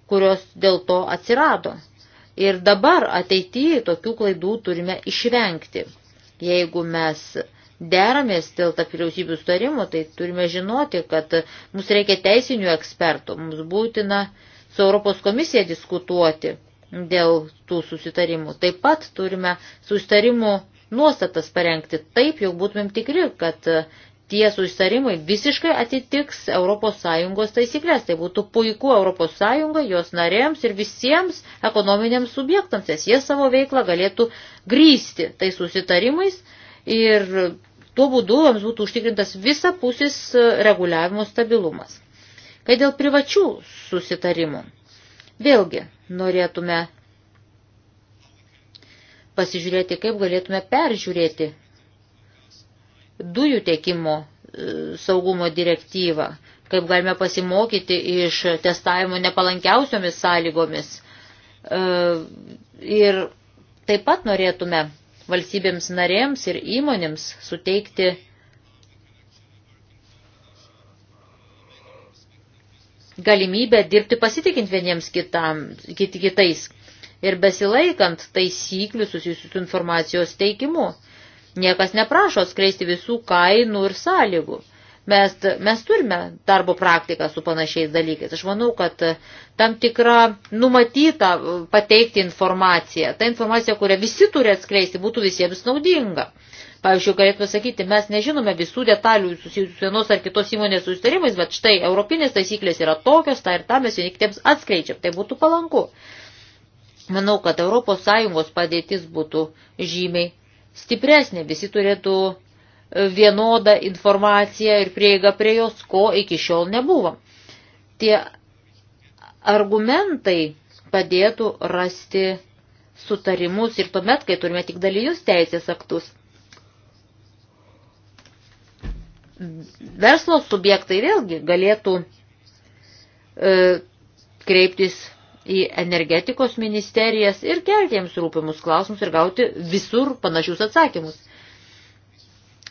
Speaker 2: kurios dėl to atsirado. Ir dabar ateityje tokių klaidų turime išvengti. Jeigu mes deramės dėl tarp vyriausybių sutarimo, tai turime žinoti, kad mums reikia teisinių ekspertų, mums būtina su Europos komisija diskutuoti dėl tų susitarimų. Taip pat turime susitarimų nuostatas parengti taip, jog būtumėm tikri, kad tie susitarimai visiškai atitiks ES taisyklės. Tai būtų puiku ES, jos narėms ir visiems ekonominiams subjektams, nes jie savo veiklą galėtų grįsti tai susitarimais ir tuo būdu jiems būtų užtikrintas visapusis e, reguliavimo stabilumas. Kai dėl privačių susitarimų, vėlgi norėtume pasižiūrėti, kaip galėtume peržiūrėti dujų tiekimo e, saugumo direktyvą, kaip galime pasimokyti iš testavimo nepalankiausiomis sąlygomis. E, ir taip pat norėtume valstybėms narėms ir įmonėms suteikti galimybę dirbti pasitikint vieniems kitam, kit, kitais ir besilaikant taisyklių susijusių su informacijos teikimu. Niekas neprašo atskleisti visų kainų ir sąlygų. Mes, mes turime darbo praktiką su panašiais dalykais. Aš manau, kad tam tikra numatyta pateikti informaciją, ta informacija, kurią visi turi atskleisti, būtų visiems naudinga. Pavyzdžiui, galėtume sakyti, mes nežinome visų detalių susijusių su vienos ar kitos įmonės susitarimais, bet štai europinės taisyklės yra tokios, tai ir tą mes vieni kitiems atskleidžiam. Tai būtų palanku. Manau, kad ES padėtis būtų žymiai stipresnė, visi turėtų e, vienodą informaciją ir prieigą prie jos, ko iki šiol nebuvo. Tie argumentai padėtų rasti sutarimus ir tuomet, kai turime tik dalinius teisės aktus. Verslo subjektai vėlgi galėtų e, kreiptis į energetikos ministerijas ir kelti jiems rūpimus klausimus ir gauti visur panašius atsakymus.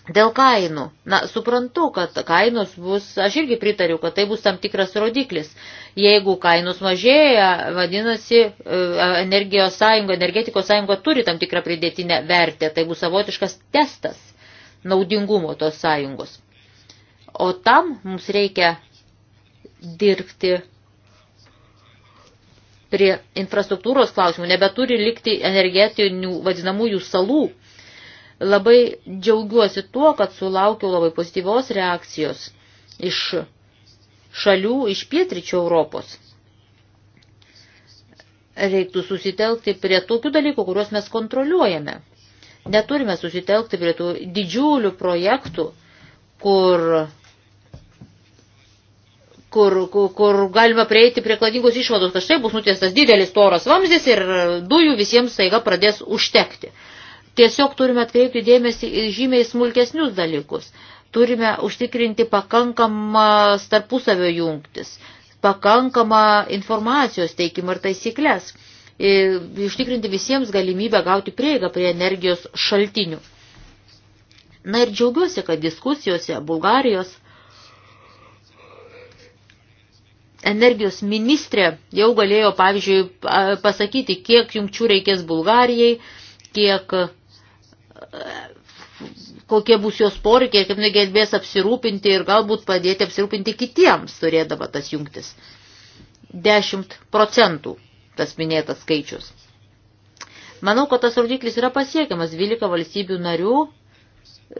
Speaker 2: Dėl kainų. Na, suprantu, kad kainos bus, aš irgi pritariu, kad tai bus tam tikras rodiklis. Jeigu kainos mažėja, vadinasi, e, energijos sąjunga, energetikos sąjunga turi tam tikrą pridėtinę vertę. Tai bus savotiškas testas naudingumo tos sąjungos. O tam mums reikia dirbti prie infrastruktūros klausimų, nebeturi likti energetinių vadinamųjų salų. Labai džiaugiuosi tuo, kad sulaukiau labai pozityvios reakcijos iš šalių iš pietričio Europos. Reiktų susitelkti prie tokių dalykų, kuriuos mes kontroliuojame. Neturime susitelkti prie tų didžiulių projektų, kur kur, kur, kur galima prieiti prie kladingos išvados, kad štai bus nutiestas didelis toras vamzdis ir dujų visiems staiga pradės užtekti. Tiesiog turime atkreipti dėmesį į žymiai smulkesnius dalykus. Turime užtikrinti pakankamas tarpusavio jungtis, pakankamą informacijos teikimą ir taisyklės, ir užtikrinti visiems galimybę gauti prieigą prie energijos šaltinių. Na ir džiaugiuosi, kad diskusijose Bulgarijos energijos ministrė jau galėjo, pavyzdžiui, pasakyti, kiek jungčių reikės Bulgarijai, kiek, kokie bus jos poreikiai, kaip negebės apsirūpinti ir galbūt padėti apsirūpinti kitiems, turėdama tas jungtis. 10 procentų tas minėtas skaičius. Manau, kad tas rodiklis yra pasiekiamas 12 valstybių narių,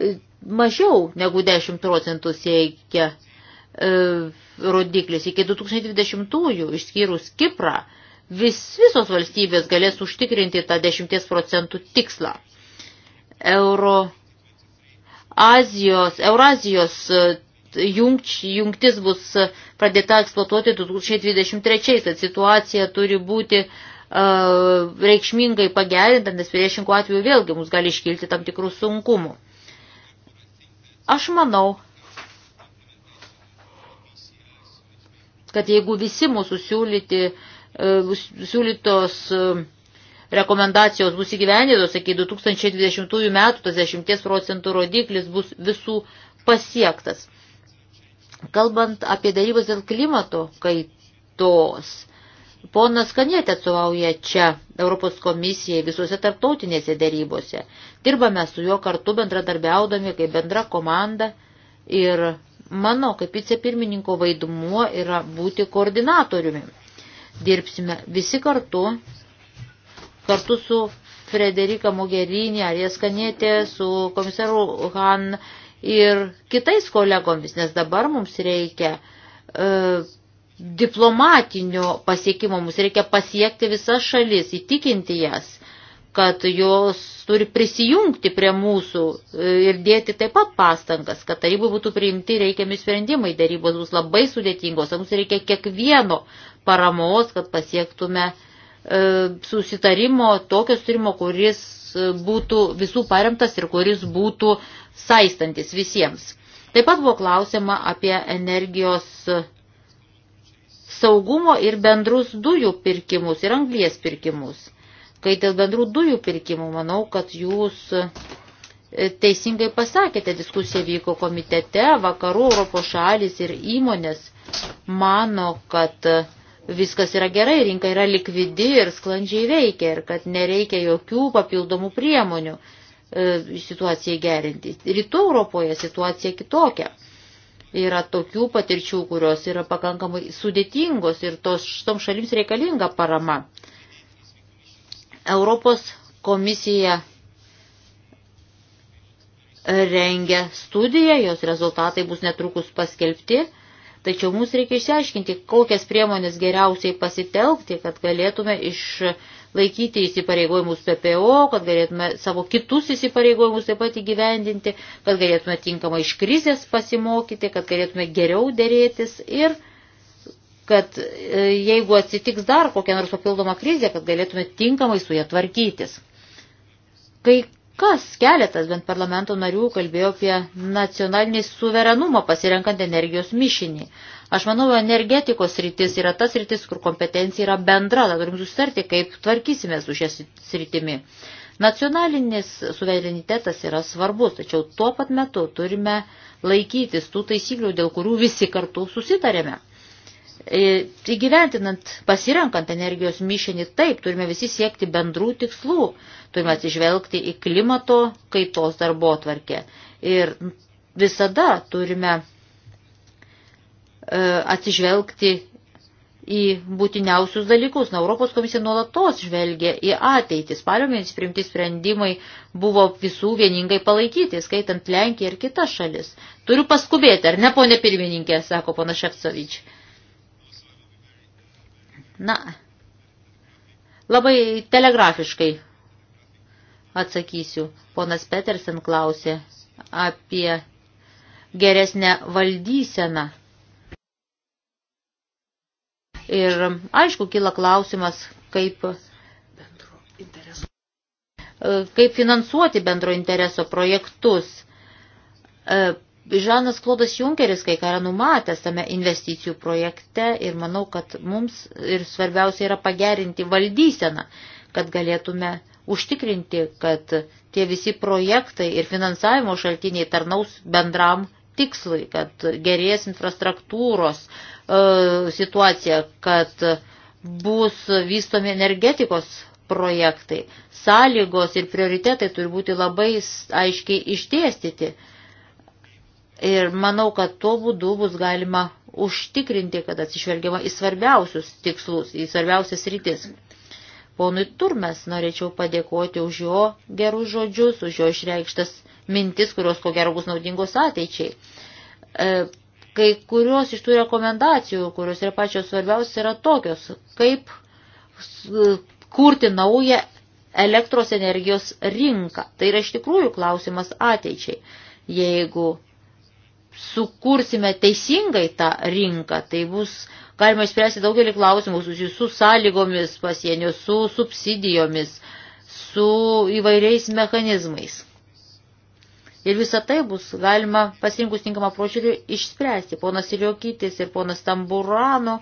Speaker 2: e, mažiau negu 10 procentų siekia E, rodiklis. Iki 2020-ųjų, išskyrus Kiprą, vis, visos valstybės galės užtikrinti tą 10 procentų tikslą. Euro Azijos, Eurazijos e, jungč, jungtis bus pradėta eksploatuoti 2023, tad situacija turi būti uh, reikšmingai pagerinta, nes priešingų atveju vėlgi mums gali iškilti tam tikrų sunkumų. Aš manau, kad jeigu visi mūsų siūlyti, e, siūlytos e, rekomendacijos bus įgyvendintos, iki 2020 metų tas 10 procentų rodiklis bus visų pasiektas. Kalbant apie darybas dėl klimato kaitos, ponas Kanietė atsovauja čia Europos komisijai visose tarptautinėse darybose. Dirbame su juo kartu bendradarbiaudami kaip bendra komanda ir Mano kaip vicepirmininko vaidmuo yra būti koordinatoriumi. Dirbsime visi kartu, kartu su Frederika Mogherini, Arijas Kanėtė, su komisaru Han ir kitais kolegomis, nes dabar mums reikia e, diplomatinio pasiekimo, mums reikia pasiekti visas šalis, įtikinti jas kad jos turi prisijungti prie mūsų e, ir dėti taip pat pastangas, kad tarybai būtų priimti reikiami sprendimai. Darybos bus labai sudėtingos, mums reikia kiekvieno paramos, kad pasiektume e, susitarimo, tokio susitarimo, kuris e, būtų visų paremtas ir kuris būtų saistantis visiems. Taip pat buvo klausima apie energijos saugumo ir bendrus dujų pirkimus ir anglies pirkimus. Kai dėl bendrų dujų pirkimų, manau, kad jūs e, teisingai pasakėte, diskusija vyko komitete, vakarų Europos šalis ir įmonės mano, kad e, viskas yra gerai, rinka yra likvidi ir sklandžiai veikia ir kad nereikia jokių papildomų priemonių e, situacijai gerinti. Rytų Europoje situacija kitokia. Yra tokių patirčių, kurios yra pakankamai sudėtingos ir tos, tom šalims reikalinga parama. Europos komisija rengia studiją, jos rezultatai bus netrukus paskelbti, tačiau mums reikia išsiaiškinti, kokias priemonės geriausiai pasitelkti, kad galėtume išlaikyti įsipareigojimus PPO, kad galėtume savo kitus įsipareigojimus taip pat įgyvendinti, kad galėtume tinkamai iš krizės pasimokyti, kad galėtume geriau dėrėtis ir kad e, jeigu atsitiks dar kokia nors papildoma krizė, kad galėtume tinkamai su ją tvarkytis. Kai kas keletas bent parlamento narių kalbėjo apie nacionalinį suverenumą pasirenkant energijos mišinį. Aš manau, energetikos rytis yra tas rytis, kur kompetencija yra bendra, tad turim susitarti, kaip tvarkysime su šia sritimi. Nacionalinis suverenitetas yra svarbus, tačiau tuo pat metu turime laikytis tų taisyklių, dėl kurių visi kartu susitarėme. Įgyventinant, pasirenkant energijos mišinį, taip, turime visi siekti bendrų tikslų, turime atsižvelgti į klimato kaitos darbo tvarkę. Ir visada turime e, atsižvelgti į būtiniausius dalykus. Na, Europos komisija nuolatos žvelgia į ateitį. Spalio mėnesį priimti sprendimai buvo visų vieningai palaikyti, skaitant Lenkiją ir kitas šalis. Turiu paskubėti, ar ne, ponė pirmininkė, sako pana Šefcovič. Na, labai telegrafiškai atsakysiu. Ponas Petersen klausė apie geresnę valdyseną. Ir aišku, kyla klausimas, kaip, kaip finansuoti bendro intereso projektus. E, Žanas Klodas Junkeris kai ką yra numatęs tame investicijų projekte ir manau, kad mums ir svarbiausia yra pagerinti valdyseną, kad galėtume užtikrinti, kad tie visi projektai ir finansavimo šaltiniai tarnaus bendram tikslui, kad gerės infrastruktūros e, situacija, kad bus vystomi energetikos projektai, sąlygos ir prioritetai turi būti labai aiškiai išdėstyti Ir manau, kad tuo būdu bus galima užtikrinti, kad atsižvelgiama į svarbiausius tikslus, į svarbiausias rytis. Ponui Turmes norėčiau padėkoti už jo gerus žodžius, už jo išreikštas mintis, kurios ko gero bus naudingos ateičiai. E, kai kurios iš tų rekomendacijų, kurios yra pačios svarbiausios, yra tokios, kaip kurti naują elektros energijos rinką. Tai yra iš tikrųjų klausimas ateičiai. Jeigu sukursime teisingai tą rinką, tai bus galima išspręsti daugelį klausimų susijusių su sąlygomis pasienio, su subsidijomis, su įvairiais mechanizmais. Ir visą tai bus galima pasirinkus tinkamą prožiūrį išspręsti. Ponas Iliokytis ir ponas Tamburano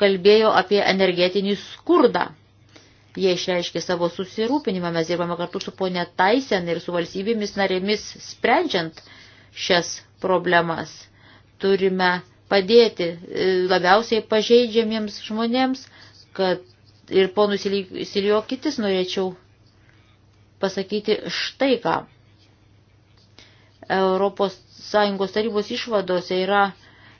Speaker 2: kalbėjo apie energetinį skurdą. Jie išreiškė savo susirūpinimą, mes dirbame kartu su ponė Taisen ir su valstybėmis narėmis sprendžiant šias problemas. Turime padėti e, labiausiai pažeidžiamiems žmonėms, kad ir ponus Silijo kitis norėčiau pasakyti štai ką. Europos Sąjungos tarybos išvadose yra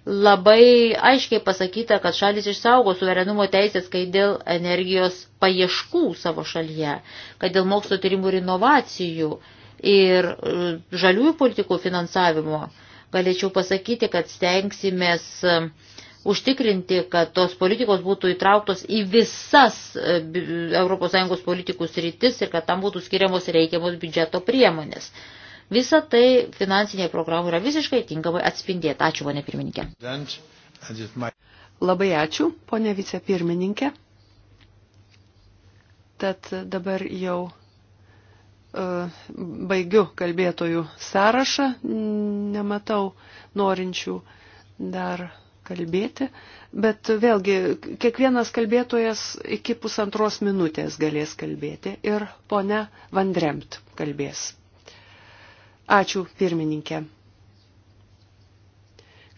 Speaker 2: labai aiškiai pasakyta, kad šalis išsaugo suverenumo teisės, kai dėl energijos paieškų savo šalyje, kad dėl mokslo tyrimų ir inovacijų ir e, žaliųjų politikų finansavimo galėčiau pasakyti, kad stengsimės e, užtikrinti, kad tos politikos būtų įtrauktos į visas ES politikų sritis ir kad tam būtų skiriamos reikiamos biudžeto priemonės. Visa tai finansinėje programoje yra visiškai tinkamai atspindėta. Ačiū, ponė pirmininkė. Labai ačiū, ponė vicepirmininkė.
Speaker 3: Tad dabar jau E, baigiu kalbėtojų sąrašą, nematau norinčių dar kalbėti, bet vėlgi kiekvienas kalbėtojas iki pusantros minutės galės kalbėti ir ponia Vandremt kalbės. Ačiū pirmininkė.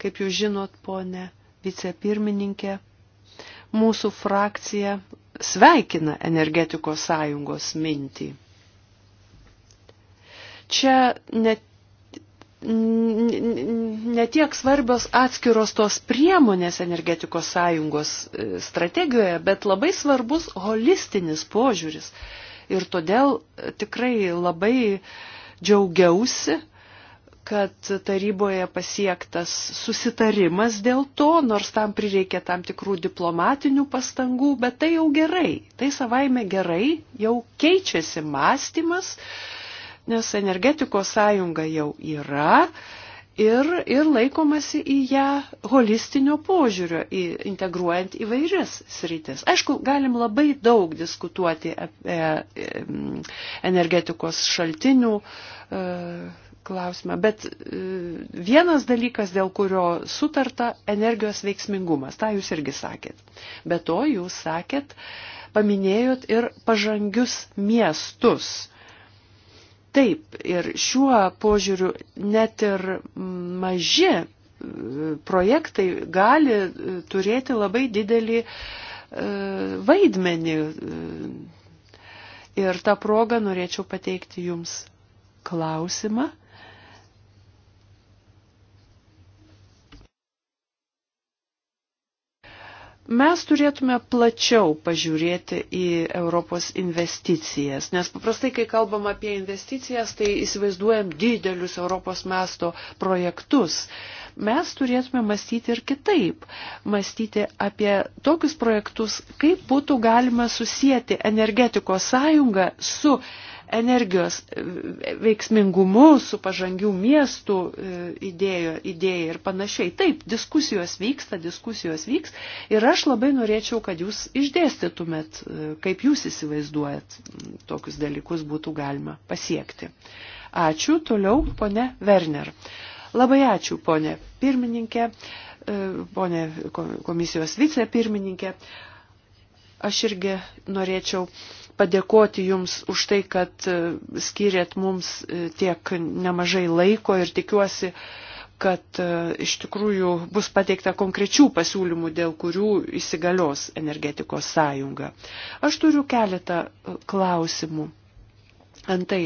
Speaker 3: Kaip jūs žinot, ponė vicepirmininkė, mūsų frakcija sveikina energetikos sąjungos mintį čia net netiek svarbios atskiros tos priemonės energetikos sąjungos e, strategijoje, bet labai svarbus holistinis požiūris. Ir todėl e, tikrai labai džiaugiausi, kad taryboje pasiektas susitarimas dėl to, nors tam prireikė tam tikrų diplomatinių pastangų, bet tai jau gerai, tai savaime gerai, jau keičiasi mąstymas, uh, nes energetikos sąjunga jau yra ir, ir laikomasi į ją holistinio požiūrio, į, integruojant įvairias sritis. Aišku, galim labai daug diskutuoti apie e, energetikos šaltinių e, klausimą, bet e, vienas dalykas, dėl kurio sutarta energijos veiksmingumas, tą jūs irgi sakėt. Be to jūs sakėt, paminėjot ir pažangius miestus Taip, ir šiuo požiūriu net ir maži e, projektai gali e, turėti labai didelį e, vaidmenį. Ir tą progą norėčiau pateikti Jums klausimą Mes turėtume plačiau pažiūrėti į Europos investicijas, nes paprastai, kai kalbam apie investicijas, tai įsivaizduojam didelius Europos masto projektus. Mes turėtume mąstyti ir kitaip, mąstyti apie tokius projektus, kaip būtų galima susijęti energetikos sąjungą su energijos e, veiksmingumu, su pažangių miestų e, idėjo, idėja ir panašiai. Taip, diskusijos vyksta, diskusijos vyks ir aš labai norėčiau, kad jūs išdėstytumėt, e, kaip jūs įsivaizduojat tokius dalykus būtų galima pasiekti. Ačiū, toliau ponė Werner. Labai ačiū, ponė pirmininkė, ponė komisijos vicepirmininkė. Aš irgi norėčiau padėkoti Jums už tai, kad e, skiriat mums e, tiek nemažai laiko ir tikiuosi, kad e, iš tikrųjų bus pateikta konkrečių pasiūlymų, dėl kurių įsigalios energetikos sąjunga. Aš turiu keletą klausimų. Antai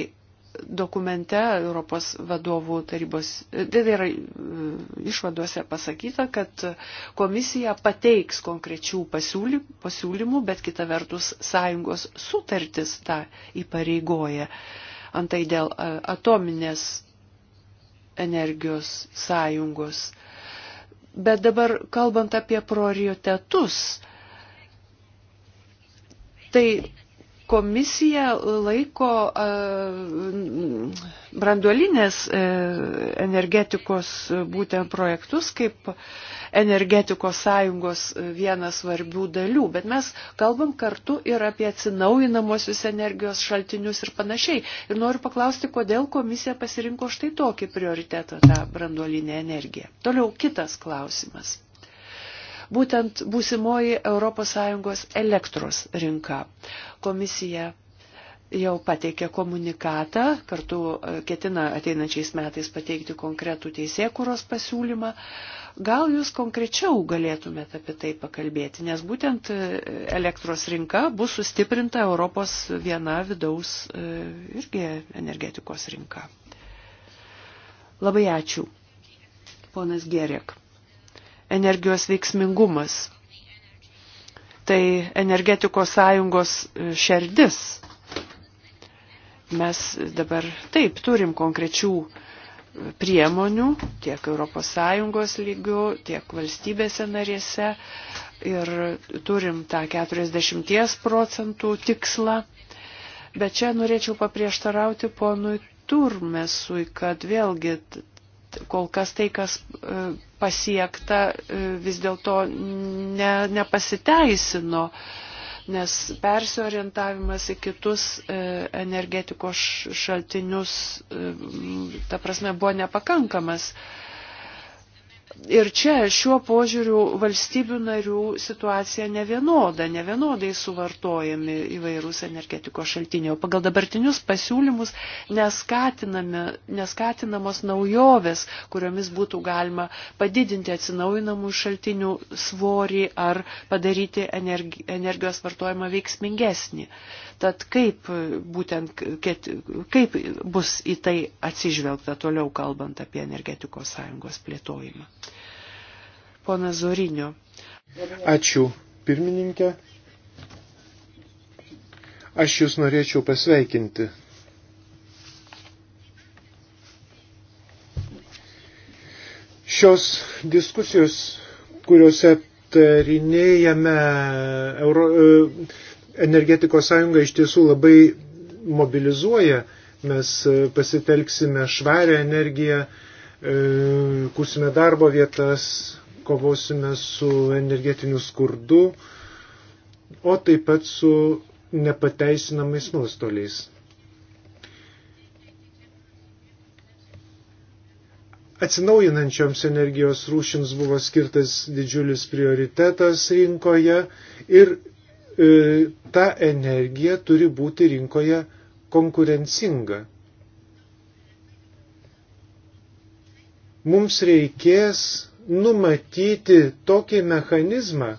Speaker 3: dokumente Europos vadovų tarybos, tai yra e, išvaduose pasakyta, kad komisija pateiks konkrečių pasiūlymų, pasiūlymų, bet kita vertus sąjungos sutartis tą įpareigoja. Antai dėl e, atominės energijos sąjungos. Bet dabar kalbant apie prioritetus, tai komisija laiko e, branduolinės e, energetikos e, būtent projektus kaip energetikos sąjungos vienas svarbių dalių, bet mes kalbam kartu ir apie atsinaujinamosius energijos šaltinius ir panašiai. Ir noriu paklausti, kodėl komisija pasirinko štai tokį prioritetą tą branduolinę energiją. Toliau kitas klausimas būtent būsimoji ES elektros rinka. Komisija jau pateikė komunikatą, kartu e, ketina ateinančiais metais pateikti konkretų teisėkuros pasiūlymą. Gal jūs konkrečiau galėtumėte apie tai pakalbėti, nes būtent e, elektros rinka bus sustiprinta Europos viena vidaus e, irgi energetikos rinka. Labai ačiū. Ponas Gerėk energijos veiksmingumas. Tai energetikos sąjungos e, šerdis. Mes dabar taip turim konkrečių e, priemonių tiek ES lygių, tiek valstybėse narėse ir turim tą 40 procentų tikslą. Bet čia norėčiau paprieštarauti ponui Turmesui, kad vėlgi kol kas tai, kas e, pasiekta, e, vis dėlto ne, nepasiteisino, nes persiorientavimas į kitus e, energetikos šaltinius, ta prasme, buvo nepakankamas. Ir čia šiuo požiūriu valstybių narių situacija nevienoda, nevienodai suvartojami įvairūs energetikos šaltiniai. O pagal dabartinius pasiūlymus neskatinamos naujovės, kuriomis būtų galima padidinti atsinaujinamų šaltinių svorį ar padaryti energijos vartojimą veiksmingesnį. Tad kaip būtent, kaip bus į tai atsižvelgta toliau kalbant apie energetikos sąjungos plėtojimą? Pona Zorinio.
Speaker 1: Ačiū, pirmininkė. Aš jūs norėčiau pasveikinti šios diskusijos, kuriuose aptarinėjame Euro, energetikos sąjunga iš tiesų labai mobilizuoja. Mes e, pasitelksime švarę energiją, e, kursime darbo vietas, kovosime su energetiniu skurdu, o taip pat su nepateisinamais nuostoliais. Atsinaujinančioms energijos rūšims buvo skirtas didžiulis prioritetas rinkoje ir E, ta energija turi būti rinkoje konkurencinga. Mums reikės numatyti tokį mechanizmą,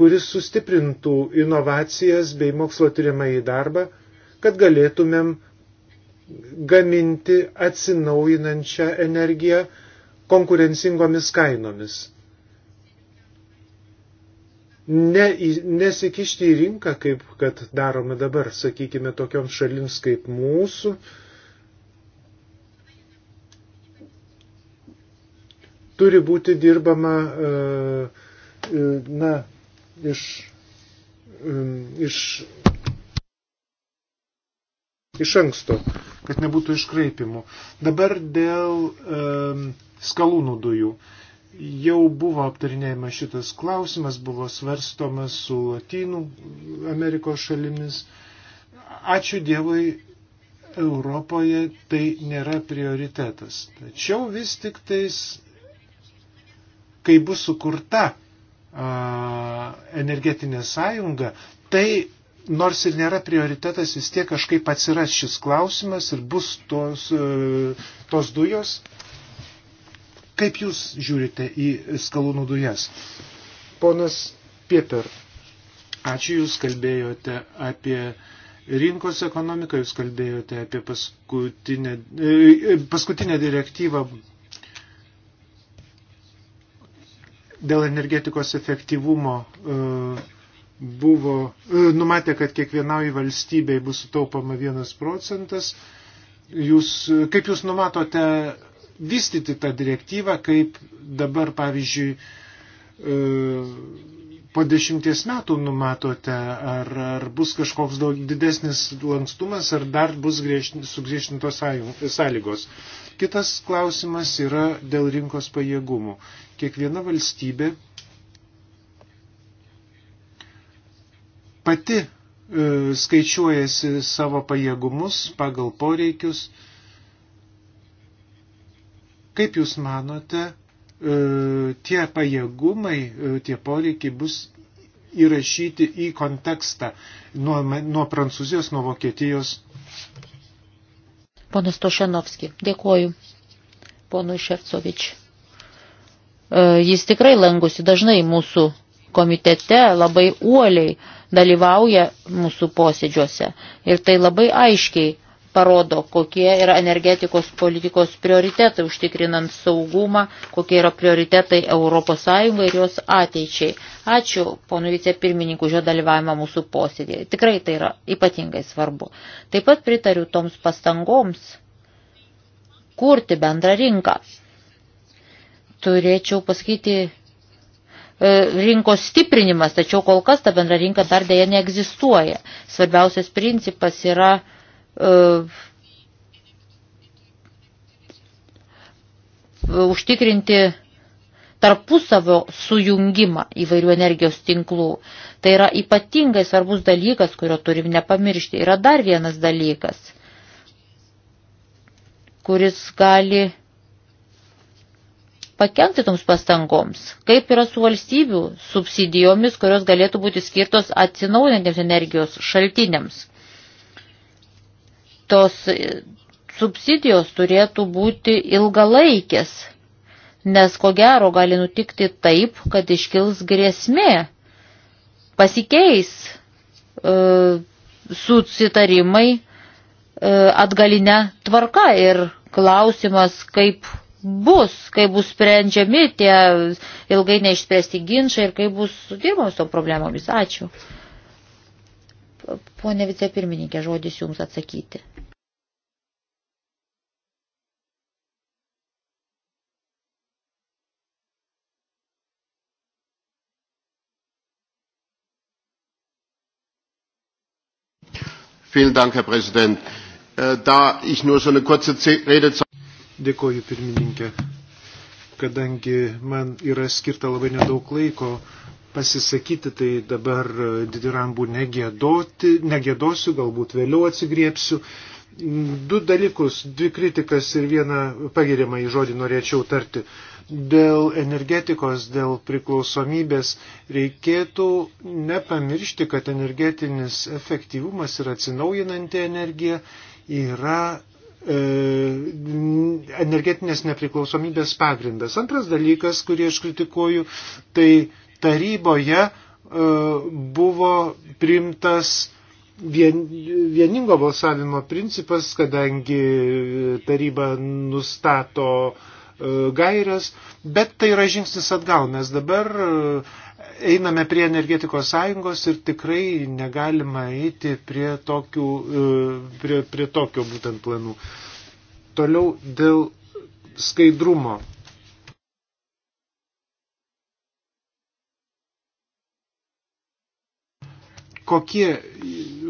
Speaker 1: kuris sustiprintų inovacijas bei mokslo tyrimą į darbą, kad galėtumėm gaminti atsinaujinančią energiją konkurencingomis kainomis ne, nesikišti į rinką, kaip kad darome dabar, sakykime, tokioms šalims kaip mūsų. Turi būti dirbama, e, e, na, iš, e, iš, iš anksto, kad nebūtų iškraipimų. Dabar dėl skalūnų dujų jau buvo aptarinėjama šitas klausimas, buvo svarstomas su Latinų Amerikos šalimis. Ačiū Dievui, Europoje tai nėra prioritetas. Tačiau vis tik tais, kai bus sukurta a, energetinė sąjunga, tai nors ir nėra prioritetas, vis tiek kažkaip atsiras šis klausimas ir bus tos, e, tos dujos Kaip Jūs žiūrite į skalūnų dujas? Ponas Pieper, ačiū Jūs kalbėjote apie rinkos ekonomiką, Jūs kalbėjote apie paskutinę, e, paskutinę direktyvą dėl energetikos efektyvumo e, buvo e, numatę, kad kiekvienai valstybei bus sutaupama vienas procentas. Jūs, kaip jūs numatote vystyti tą direktyvą, kaip dabar, pavyzdžiui, e, po dešimties metų numatote, ar, ar bus kažkoks daug didesnis lankstumas, ar dar bus sugriežtintos sąlygos. Kitas klausimas yra dėl rinkos pajėgumų. Kiekviena valstybė pati e, skaičiuojasi savo pajėgumus pagal poreikius, Kaip Jūs manote, e, tie pajėgumai, e, tie poreikiai bus įrašyti į kontekstą nuo, nuo Prancūzijos, nuo Vokietijos?
Speaker 2: Ponas Tošenovski, dėkoju. Ponui Šefcovič. E, jis tikrai langusi dažnai mūsų komitete, labai uoliai dalyvauja mūsų posėdžiuose. Ir tai labai aiškiai parodo, kokie yra energetikos politikos prioritetai užtikrinant saugumą, kokie yra prioritetai ES ir jos ateičiai. Ačiū ponu vicepirmininku už jo dalyvavimą mūsų posėdėje. Tikrai tai yra ypatingai svarbu. Taip pat pritariu toms pastangoms kurti bendrą rinką. Turėčiau pasakyti e, rinkos stiprinimas, tačiau kol kas ta bendra rinka dar dėja neegzistuoja. Svarbiausias principas yra E, užtikrinti tarpusavio sujungimą įvairių energijos tinklų. Tai yra ypatingai svarbus dalykas, kurio turim nepamiršti. Yra dar vienas dalykas, kuris gali pakengti toms pastangoms, kaip yra su valstybių subsidijomis, kurios galėtų būti skirtos atsinaujantiems energijos šaltiniams tos subsidijos turėtų būti ilgalaikės, nes ko gero gali nutikti taip, kad iškils grėsmė, pasikeis e, susitarimai e, atgalinę tvarką ir klausimas, kaip bus, kaip bus sprendžiami tie ilgai neišspręsti ginčiai ir kaip bus dirbamos to problemomis. Ačiū. Pone vicepirmininkė, žodis jums atsakyti.
Speaker 1: Vielen Dank, Herr Präsident. Äh, da ich nur so eine kurze Redezeit. Dėkoju, pirmininkė. Kadangi man yra skirta labai nedaug laiko pasisakyti, tai dabar äh, didirambų negėdoti, negėdosiu, galbūt vėliau atsigriepsiu. Mm, du dalykus, dvi kritikas ir vieną pagiriamą į žodį norėčiau tarti dėl energetikos, dėl priklausomybės reikėtų nepamiršti, kad energetinis efektyvumas ir atsinaujinanti energija yra e, energetinės nepriklausomybės pagrindas. Antras dalykas, kurį aš kritikuoju, tai taryboje e, buvo primtas vien, vieningo balsavimo principas, kadangi taryba nustato e, E, gairias, bet tai yra žingsnis atgal. Mes dabar e, einame prie energetikos sąjungos ir tikrai negalima eiti prie tokių, e, prie, prie tokio būtent planų. Toliau dėl skaidrumo. Kokie,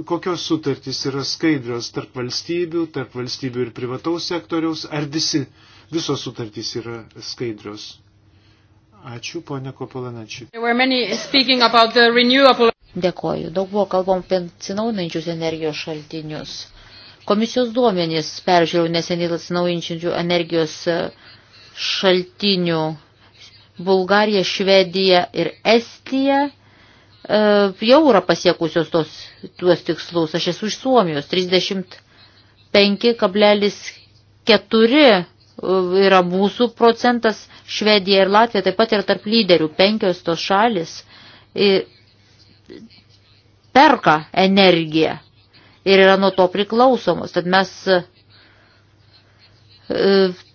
Speaker 1: kokios sutartys yra skaidrios tarp valstybių, tarp valstybių ir privataus sektoriaus, ar visi uh, visos sutartys yra skaidrios. Ačiū, ponė Kopolanačiai.
Speaker 2: Dėkoju. Daug buvo kalbam apie atsinaujinančius energijos šaltinius. Komisijos duomenys peržiūrėjau neseniai atsinaujinčių energijos e, šaltinių. Bulgarija, Švedija ir Estija e, jau yra pasiekusios tos, tuos tikslus. Aš esu iš Suomijos 35,4 yra mūsų procentas, Švedija ir Latvija taip pat yra tarp lyderių, penkios tos šalis perka energiją ir yra nuo to priklausomos. Tad mes e,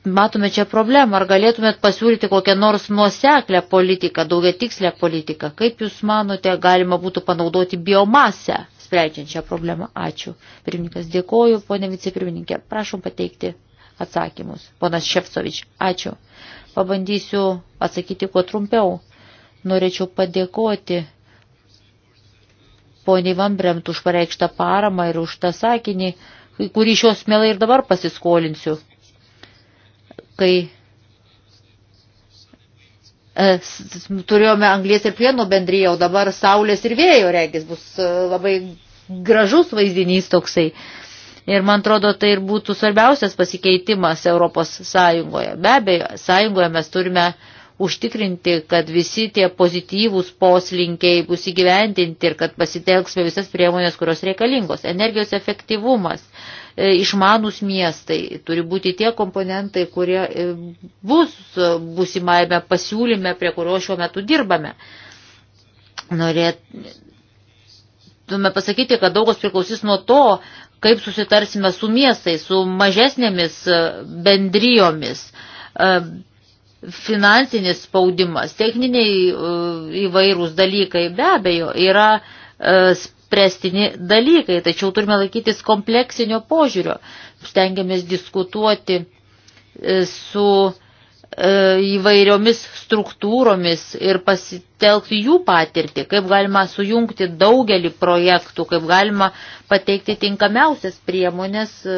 Speaker 2: matome čia problemą. Ar galėtumėt pasiūlyti kokią nors nuoseklę politiką, daugia tikslę politiką? Kaip Jūs manote, galima būtų panaudoti biomasę, sprendžiant šią problemą? Ačiū. Pirmininkas, dėkoju, ponė vicepirmininkė. Prašom pateikti atsakymus. Ponas Šefcovič, ačiū. Pabandysiu atsakyti kuo trumpiau. Norėčiau padėkoti poniai Vambremt už pareikštą paramą ir už tą sakinį, kurį šios mielai ir dabar pasiskolinsiu. Kai e, turėjome anglės ir plieno bendryje, o dabar saulės ir vėjo regis bus e, labai gražus vaizdinys toksai. E, Ir man atrodo, tai ir būtų svarbiausias pasikeitimas Europos Sąjungoje. Be abejo, Sąjungoje mes turime užtikrinti, kad visi tie pozityvūs poslinkiai bus įgyvendinti ir kad pasitelksime visas priemonės, kurios reikalingos. Energijos efektyvumas, e, išmanus miestai turi būti tie komponentai, kurie e, bus būsimajame pasiūlyme, prie kurio šiuo metu dirbame. Norėtume pasakyti, kad daugos priklausys nuo to, kaip susitarsime su miestais, su mažesnėmis e, bendrijomis, e, finansinis spaudimas, techniniai e, įvairūs dalykai be abejo yra spręstini dalykai, tačiau turime laikytis kompleksinio požiūrio. Stengiamės diskutuoti su E, įvairiomis struktūromis ir pasitelkti jų patirtį, kaip galima sujungti daugelį projektų, kaip galima pateikti tinkamiausias priemonės e,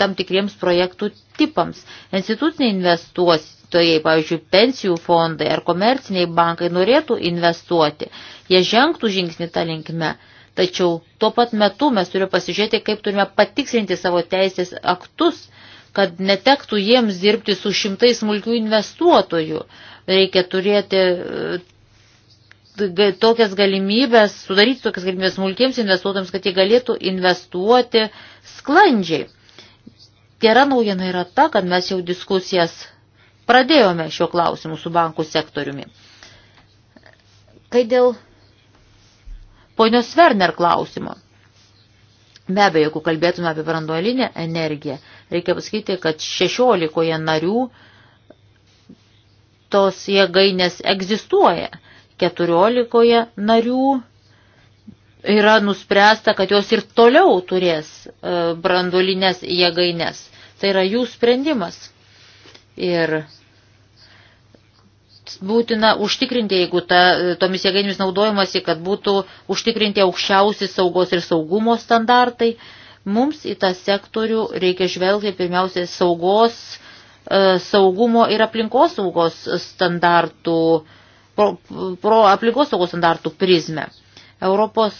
Speaker 2: tam tikriems projektų tipams. Instituciniai investuotojai, pavyzdžiui, pensijų fondai ar komerciniai bankai norėtų investuoti, jie žengtų žingsnį tą linkme. Tačiau tuo pat metu mes turime pasižiūrėti, kaip turime patikslinti savo teisės aktus, uh, kad netektų jiems dirbti su šimtais smulkių investuotojų. Reikia turėti e, tokias galimybės, sudaryti tokias galimybės smulkiems investuotojams, kad jie galėtų investuoti sklandžiai. Gera naujiena yra ta, kad mes jau diskusijas pradėjome šio klausimu su bankų sektoriumi. Kai dėl ponios Werner klausimo. Be abejo, jeigu kalbėtume apie branduolinę energiją, Reikia pasakyti, kad 16 narių tos jėgainės egzistuoja. 14 narių yra nuspręsta, kad jos ir toliau turės e, brandulinės jėgainės. Tai yra jų sprendimas. Ir būtina užtikrinti, jeigu ta, tomis jėgainėmis naudojamasi, kad būtų užtikrinti aukščiausi saugos ir saugumo standartai. E, Mums į tą sektorių reikia žvelgti pirmiausiai saugos, e, saugumo ir aplinkos saugos standartų, pro, pro aplinkos saugos standartų prizmę. Europos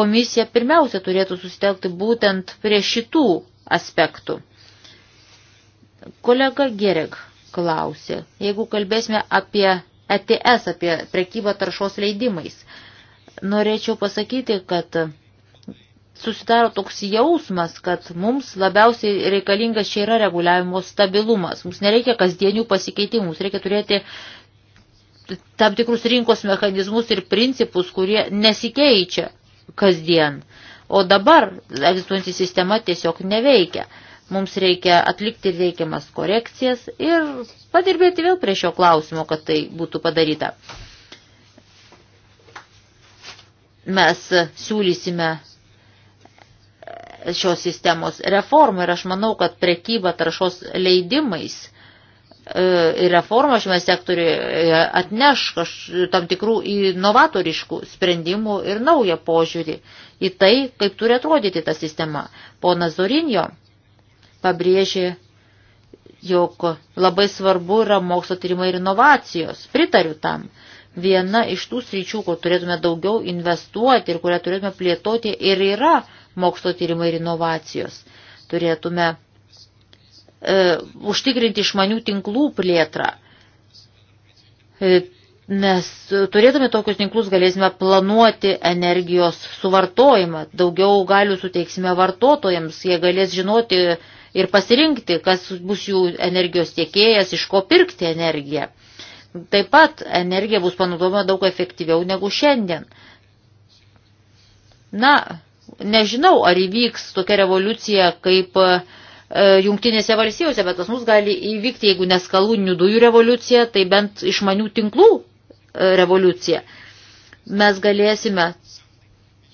Speaker 2: komisija pirmiausia turėtų susitelkti būtent prie šitų aspektų. Kolega Gereg klausė, jeigu kalbėsime apie ETS, apie prekybą taršos leidimais, norėčiau pasakyti, kad susidaro toks jausmas, kad mums labiausiai reikalingas čia yra reguliavimo stabilumas. Mums nereikia kasdienių pasikeitimų, mums reikia turėti tam tikrus rinkos mechanizmus ir principus, kurie nesikeičia kasdien. O dabar egzistuojanti sistema tiesiog neveikia. Mums reikia atlikti reikiamas korekcijas ir padirbėti vėl prie šio klausimo, kad tai būtų padaryta. Mes siūlysime šios sistemos reformų ir aš manau, kad prekyba taršos leidimais e, ir reforma šiame sektoriuje atneš kaž, tam tikrų inovatoriškų sprendimų ir naują požiūrį į tai, kaip turi atrodyti ta sistema. Ponas Zorinjo pabrėžė, jog labai svarbu yra mokslo tyrimai ir inovacijos. Pritariu tam viena iš tų sričių, kur turėtume daugiau investuoti ir kurią turėtume plėtoti ir yra mokslo tyrimai ir inovacijos. Turėtume e, užtikrinti išmanių tinklų plėtrą, e, nes turėtume tokius tinklus galėsime planuoti energijos suvartojimą, daugiau galių suteiksime vartotojams, jie galės žinoti ir pasirinkti, kas bus jų energijos tiekėjas, iš ko pirkti energiją. Taip pat energija bus panaudojama daug efektyviau negu šiandien. Na, nežinau, ar įvyks tokia revoliucija kaip e, Jungtinėse valstijose, bet pas mus gali įvykti, jeigu neskalūninių dujų revoliucija, tai bent išmanių tinklų e, revoliucija. Mes galėsime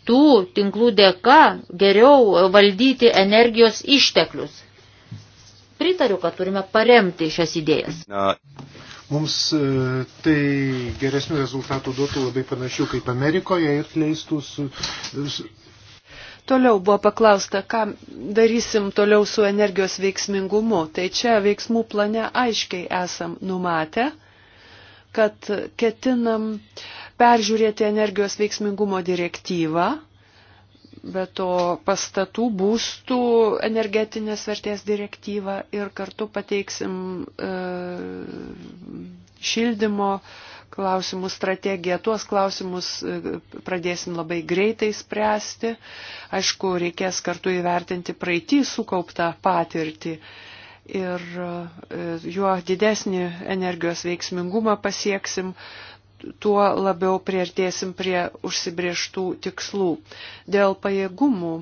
Speaker 2: tų tinklų dėka geriau valdyti energijos išteklius. Pritariu, kad turime paremti šias idėjas.
Speaker 1: Na. Mums e, tai geresnių rezultatų duotų labai panašių kaip Amerikoje ir leistų su, su,
Speaker 3: Toliau buvo paklausta, ką darysim toliau su energijos veiksmingumu. Tai čia veiksmų plane aiškiai esam numatę, kad ketinam peržiūrėti energijos veiksmingumo direktyvą, bet to pastatų būstų energetinės vertės direktyvą ir kartu pateiksim e, šildymo e, klausimų strategiją. Tuos klausimus e, pradėsim labai greitai spręsti. Aišku, reikės kartu įvertinti praeitį sukauptą patirtį. Ir e, juo didesnį energijos veiksmingumą pasieksim, tuo labiau priartėsim prie užsibrieštų tikslų. Dėl pajėgumų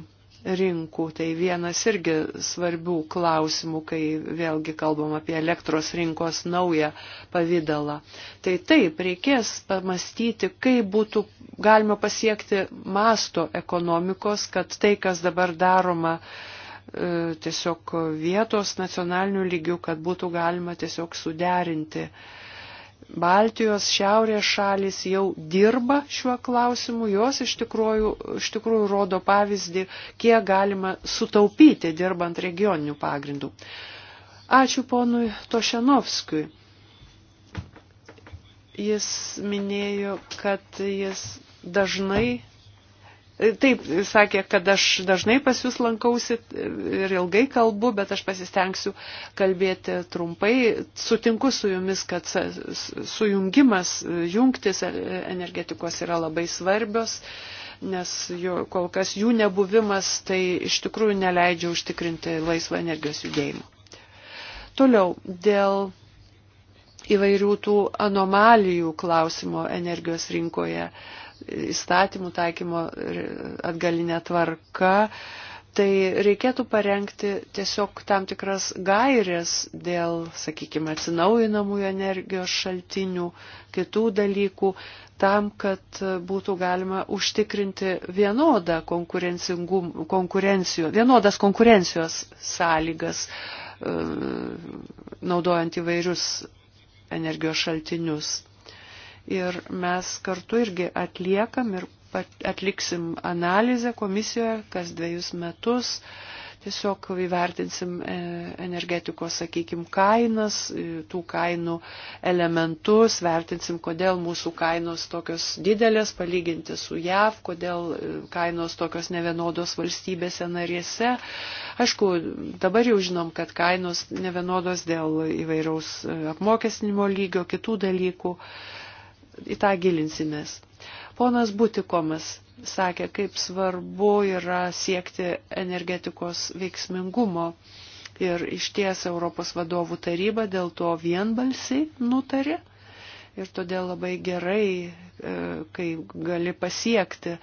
Speaker 3: rinkų. Tai vienas irgi svarbių klausimų, kai vėlgi kalbam apie elektros rinkos naują pavydalą. Tai taip, reikės pamastyti, kaip būtų galima pasiekti masto ekonomikos, kad tai, kas dabar daroma, e, tiesiog vietos nacionalinių lygių, kad būtų galima tiesiog suderinti uh, Baltijos šiaurės šalis jau dirba šiuo klausimu, jos iš tikrųjų, iš tikrųjų rodo pavyzdį, kiek galima sutaupyti dirbant regioninių pagrindų. Ačiū ponui Tošenovskui. Jis minėjo, kad jis dažnai Taip, sakė, kad aš dažnai pas jūs lankausi ir ilgai kalbu, bet aš pasistengsiu kalbėti trumpai. Sutinku su jumis, kad sujungimas, jungtis e- energetikos yra labai svarbios, nes jo, kol kas jų nebuvimas tai iš tikrųjų neleidžia užtikrinti laisvą energijos judėjimą. Toliau, dėl įvairių tų anomalijų klausimo energijos rinkoje. Uh, įstatymų taikymo atgalinė tvarka, tai reikėtų parengti tiesiog tam tikras gairės dėl, sakykime, atsinaujinamųjų energijos šaltinių, kitų dalykų, tam, kad būtų galima užtikrinti vienodą konkurencijos, vienodas konkurencijos sąlygas, e, naudojant įvairius energijos šaltinius ir mes kartu irgi atliekam ir atliksim analizę komisijoje kas dviejus metus. Tiesiog įvertinsim e, energetikos, sakykime, kainas, e, tų kainų elementus, vertinsim, kodėl mūsų kainos tokios didelės palyginti su JAV, kodėl e, kainos tokios nevienodos valstybėse narėse. Aišku, dabar jau žinom, kad kainos nevienodos dėl įvairaus apmokestinimo lygio, kitų dalykų į tą gilinsimės. Ponas Butikomas sakė, kaip svarbu yra siekti energetikos veiksmingumo. Ir iš ties Europos vadovų taryba dėl to vienbalsiai nutarė. Ir todėl labai gerai, e, kai gali pasiekti e,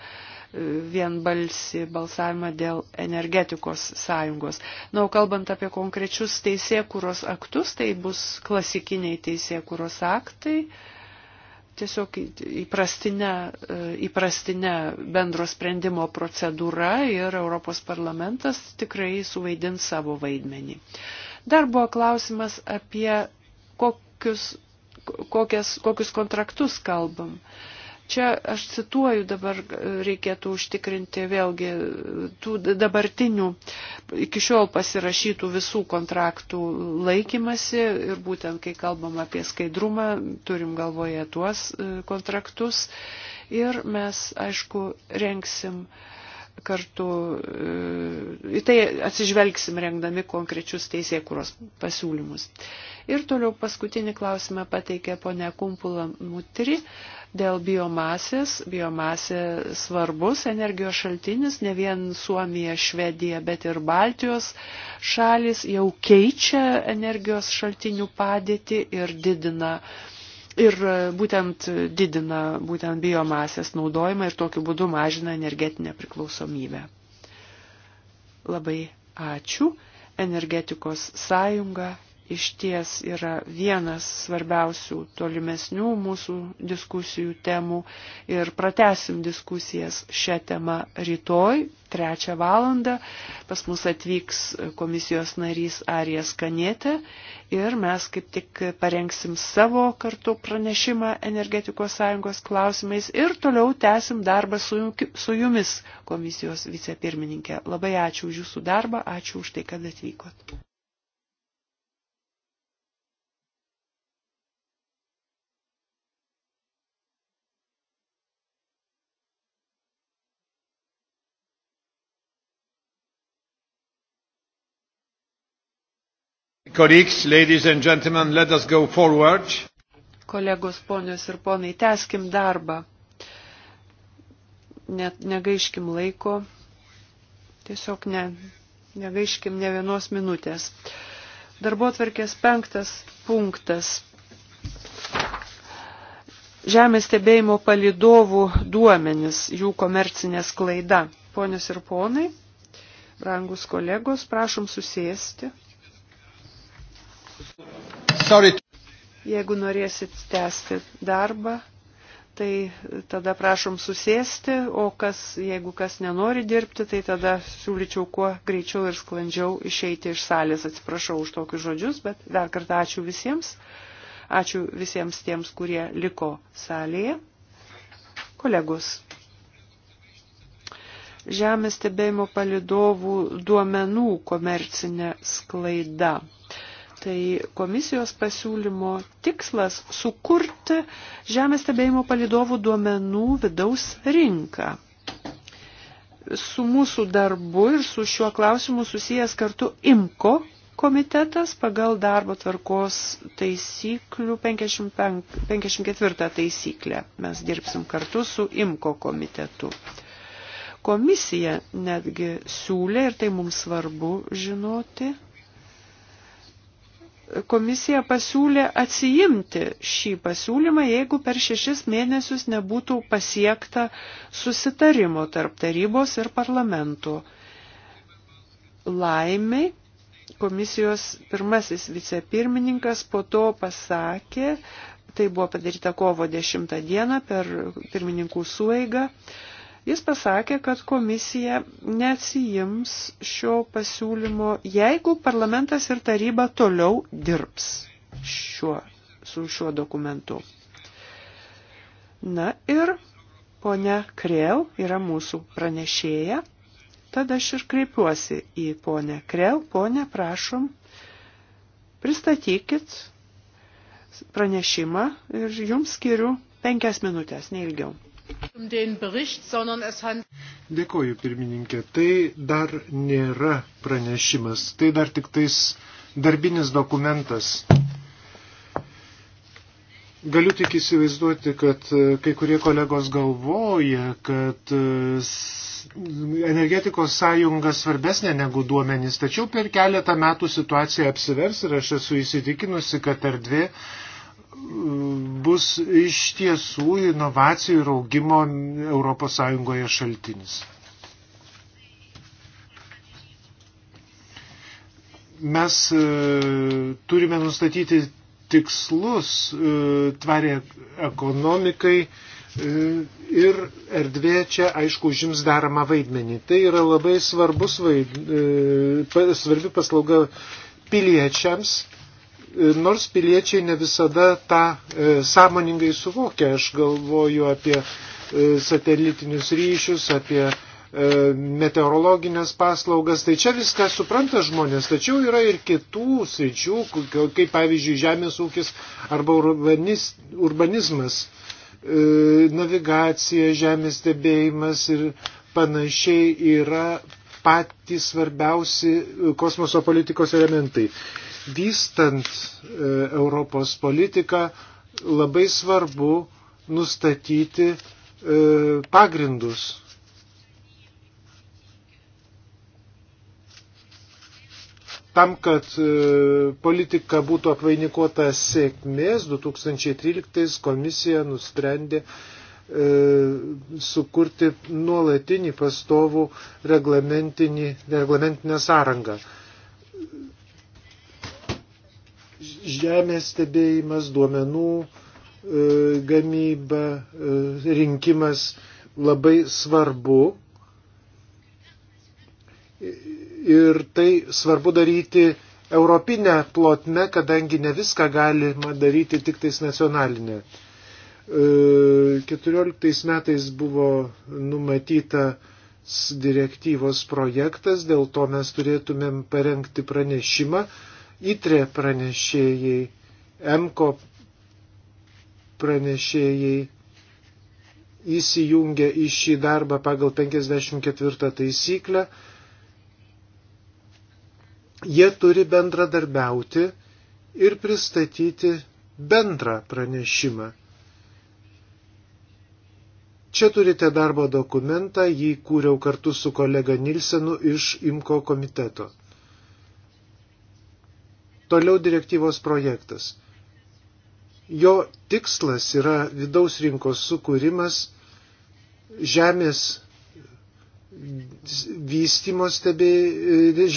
Speaker 3: vienbalsį balsavimą dėl energetikos sąjungos. Na, o kalbant apie konkrečius teisėkuros aktus, tai bus klasikiniai teisėkuros aktai tiesiog įprastinė, įprastinė e, bendro sprendimo procedūra ir Europos parlamentas tikrai suvaidins savo vaidmenį. Dar buvo klausimas apie kokius, kokias, kokius kontraktus kalbam. Uh, Čia aš cituoju dabar reikėtų užtikrinti vėlgi tų dabartinių iki šiol pasirašytų visų kontraktų laikymasi ir būtent kai kalbam apie skaidrumą, turim galvoje tuos e, kontraktus ir mes aišku renksim kartu, e, į tai atsižvelgsim rengdami konkrečius teisėkūros pasiūlymus. Ir toliau paskutinį klausimą pateikė ponia Kumpula Mutri Dėl biomasės, biomasė svarbus energijos šaltinis, ne vien Suomija, Švedija, bet ir Baltijos šalis jau keičia energijos šaltinių padėtį ir didina ir e, būtent didina būtent biomasės naudojimą ir tokiu būdu mažina energetinę priklausomybę. Labai ačiū. Energetikos sąjunga iš ties yra vienas svarbiausių tolimesnių mūsų diskusijų temų ir pratesim diskusijas šią temą rytoj, trečią valandą. Pas mus atvyks komisijos narys Arijas Kanėtė ir mes kaip tik parengsim savo kartu pranešimą energetikos sąjungos klausimais ir toliau tęsim darbą su jumis, komisijos vicepirmininkė. Labai ačiū už jūsų darbą, ačiū už tai, kad atvykot.
Speaker 1: Colleagues, ladies and gentlemen, let us go forward.
Speaker 3: Kolegos, ponios ir ponai, teskim darbą. Net negaiškim laiko. Tiesiog ne, negaiškim ne vienos minutės. Darbotvarkės penktas punktas. Žemės stebėjimo palidovų duomenis, jų komercinė sklaida. Ponios ir ponai, rangus kolegos, prašom susėsti. Sorry. Jeigu norėsit tęsti darbą, tai tada prašom susėsti, o kas, jeigu kas nenori dirbti, tai tada siūlyčiau kuo greičiau ir sklandžiau išeiti iš salės. Atsiprašau už tokius žodžius, bet dar kartą ačiū visiems. Ačiū visiems tiems, kurie liko salėje. Kolegos. Žemės stebėjimo palidovų duomenų komercinė sklaida. Tai komisijos pasiūlymo tikslas - sukurti žemės stebėjimo palidovų duomenų vidaus rinką. Su mūsų darbu ir su šiuo klausimu susijęs kartu IMKO komitetas pagal darbo tvarkos taisyklių 55, 54 taisyklę. Mes dirbsim kartu su IMKO komitetu. Komisija netgi siūlė, ir tai mums svarbu žinoti, komisija pasiūlė atsijimti šį pasiūlymą, jeigu per šešis mėnesius nebūtų pasiekta susitarimo tarp tarybos ir parlamentų. Laimiai komisijos pirmasis vicepirmininkas po to pasakė, tai buvo padaryta kovo 10 dieną per pirmininkų sueigą, Jis pasakė, kad komisija neatsijims šio pasiūlymo, jeigu parlamentas ir taryba toliau dirbs šiuo, su šiuo dokumentu. Na ir ponia Krėl yra mūsų pranešėja. Tad aš ir kreipiuosi į ponę Krel. Pone, prašom, pristatykit pranešimą ir jums skiriu penkias minutės, neilgiau.
Speaker 2: Um
Speaker 3: Dėkoju,
Speaker 1: pirmininkė. Tai dar nėra pranešimas, tai dar tik tais darbinis dokumentas. Galiu tik įsivaizduoti, kad e, kai kurie kolegos galvoja, kad e, energetikos sąjunga svarbesnė negu duomenys, tačiau per keletą metų situacija apsivers ir aš esu įsitikinusi, kad erdvė bus iš tiesų inovacijų ir augimo ES šaltinis. Mes e, turime nustatyti tikslus e, tvarė ekonomikai e, ir erdvė čia, aišku, užims daromą vaidmenį. Tai yra labai svarbus vaid... svarbi paslauga piliečiams nors piliečiai ne visada tą e, sąmoningai suvokia. Aš galvoju apie e, satelitinius ryšius, apie e, meteorologinės paslaugas, tai čia viską supranta žmonės, tačiau yra ir kitų sričių, kaip pavyzdžiui žemės ūkis arba urbanis, urbanizmas, e, navigacija, žemės stebėjimas ir panašiai yra patys svarbiausi kosmoso politikos elementai. Vystant e, Europos politiką labai svarbu nustatyti e, pagrindus. Tam, kad e, politika būtų apvainikuota sėkmės, 2013 komisija nusprendė sukurti nuolatinį pastovų reglamentinę sąrangą. žemės stebėjimas, duomenų e, gamyba, e, rinkimas labai svarbu. Ir tai svarbu daryti europinę plotmę, kadangi ne viską galima daryti tik tais nacionalinę. 14 e, metais buvo numatyta direktyvos projektas, dėl to mes turėtumėm parengti pranešimą, ITRE pranešėjai, MKO pranešėjai įsijungia į šį darbą pagal 54 taisyklę. Jie turi bendradarbiauti ir pristatyti bendrą pranešimą. Čia turite darbo dokumentą, jį kūriau kartu su kolega Nilsenu iš IMKO komiteto. Toliau direktyvos projektas. Jo tikslas yra vidaus rinkos sukūrimas, žemės, stebė,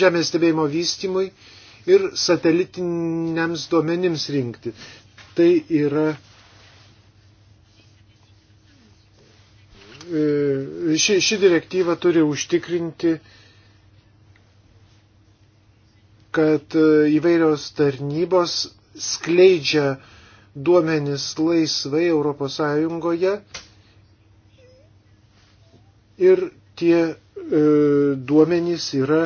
Speaker 1: žemės stebėjimo vystymui ir satelitiniams duomenims rinkti. Tai yra e, ši, ši direktyva turi užtikrinti kad e, įvairios tarnybos skleidžia duomenis laisvai Europos Sąjungoje ir tie e, duomenys yra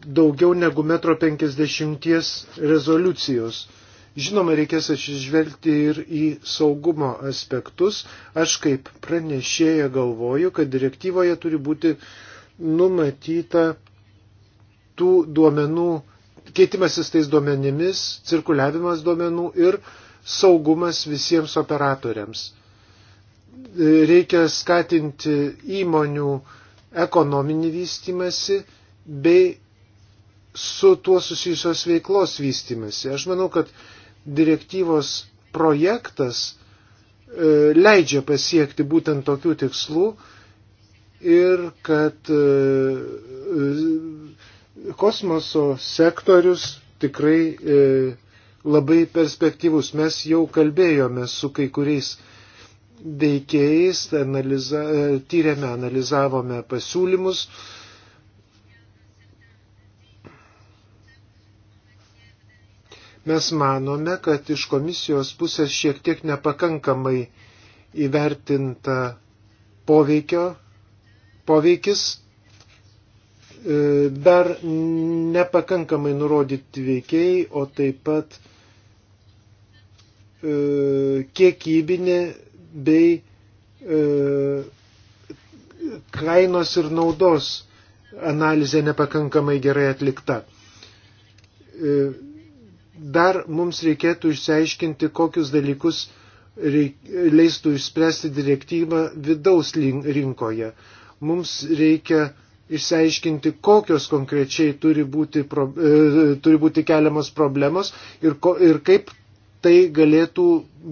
Speaker 1: daugiau negu metro penkisdešimties rezoliucijos. Žinoma, reikės atsižvelgti ir į saugumo aspektus. Aš kaip pranešėja galvoju, kad direktyvoje turi būti numatyta tų duomenų keitimasis tais duomenimis, cirkuliavimas duomenų ir saugumas visiems operatoriams. Reikia skatinti įmonių ekonominį vystimasi bei su tuo susijusios veiklos vystimasi. Aš manau, kad direktyvos projektas e, leidžia pasiekti būtent tokių tikslų ir kad e, Kosmoso sektorius tikrai e, labai perspektyvus. Mes jau kalbėjome su kai kuriais veikėjais, analiza, e, tyrėme, analizavome pasiūlymus. Mes manome, kad iš komisijos pusės šiek tiek nepakankamai įvertinta poveikio, poveikis E, dar nepakankamai nurodyti veikiai, o taip pat e, kiekybinė bei e, kainos ir naudos analizė nepakankamai gerai atlikta. Dar mums reikėtų išsiaiškinti, kokius dalykus reik, leistų išspręsti direktyvą vidaus rinkoje. Mums reikia uh, išsiaiškinti, kokios konkrečiai turi būti, pro, e, turi būti keliamos problemos ir, ko, ir kaip tai galėtų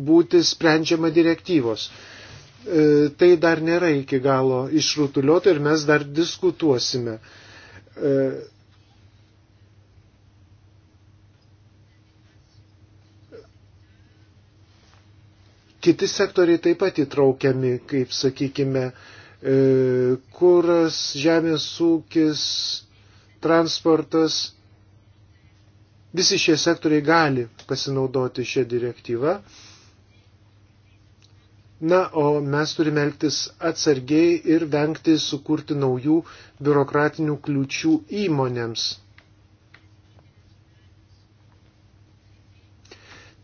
Speaker 1: būti sprendžiama direktyvos. E, tai dar nėra iki galo išrutuliuota ir mes dar diskutuosime. E, kiti sektoriai taip pat įtraukiami, kaip sakykime, e, E, kuras, žemės ūkis, transportas. Visi šie sektoriai gali pasinaudoti šią direktyvą. Na, o mes turime elgtis atsargiai ir vengti sukurti naujų biurokratinių kliučių įmonėms.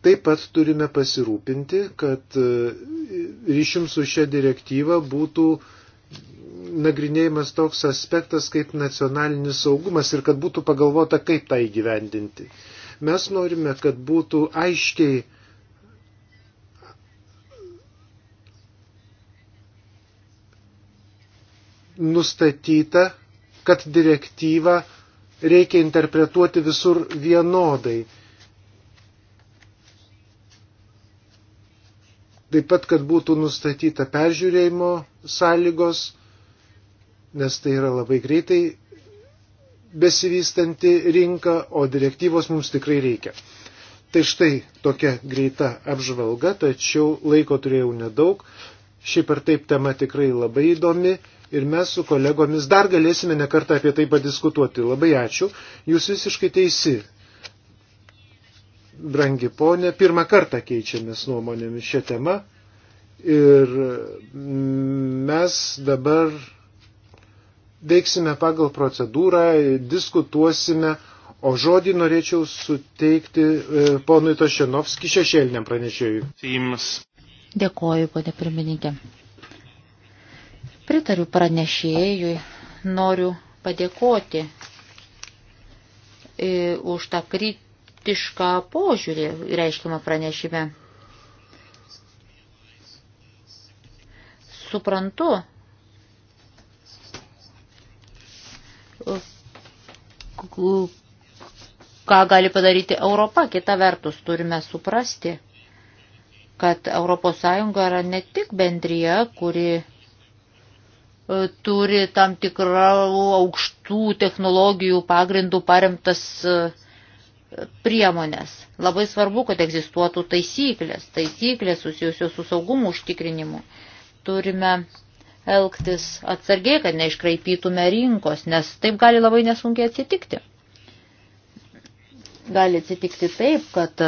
Speaker 1: Taip pat turime pasirūpinti, kad ryšim su šia direktyva būtų uh, nagrinėjimas toks aspektas kaip nacionalinis saugumas ir kad būtų pagalvota, kaip tą įgyvendinti. Mes norime, kad būtų aiškiai nustatyta, kad direktyvą reikia interpretuoti visur vienodai. Taip pat, kad būtų nustatyta peržiūrėjimo sąlygos, nes tai yra labai greitai besivystanti rinka, o direktyvos mums tikrai reikia. Tai štai tokia greita apžvalga, tačiau laiko turėjau nedaug. Šiaip ar taip tema tikrai labai įdomi ir mes su kolegomis dar galėsime nekartą apie tai padiskutuoti. Labai ačiū. Jūs visiškai teisi, brangi ponė. Pirmą kartą keičiamės nuomonėmis šią temą ir mes dabar veiksime pagal procedūrą, diskutuosime, o žodį norėčiau suteikti e, ponui Tošenovski šešėliniam pranešėjui. Teams.
Speaker 2: Dėkoju, ponė pirmininkė. Pritariu pranešėjui, noriu padėkoti e, už tą kritišką požiūrį reiškiamą pranešime. Suprantu, ką gali padaryti Europa. Kita vertus, turime suprasti, kad ES yra ne tik bendryje, kuri e, turi tam tikrų aukštų technologijų pagrindų paremtas e, priemonės. Labai svarbu, kad egzistuotų taisyklės, taisyklės susijusios su saugumu užtikrinimu. Turime elgtis atsargiai, kad neiškraipytume rinkos, nes taip gali labai nesunkiai atsitikti. Gali atsitikti taip, kad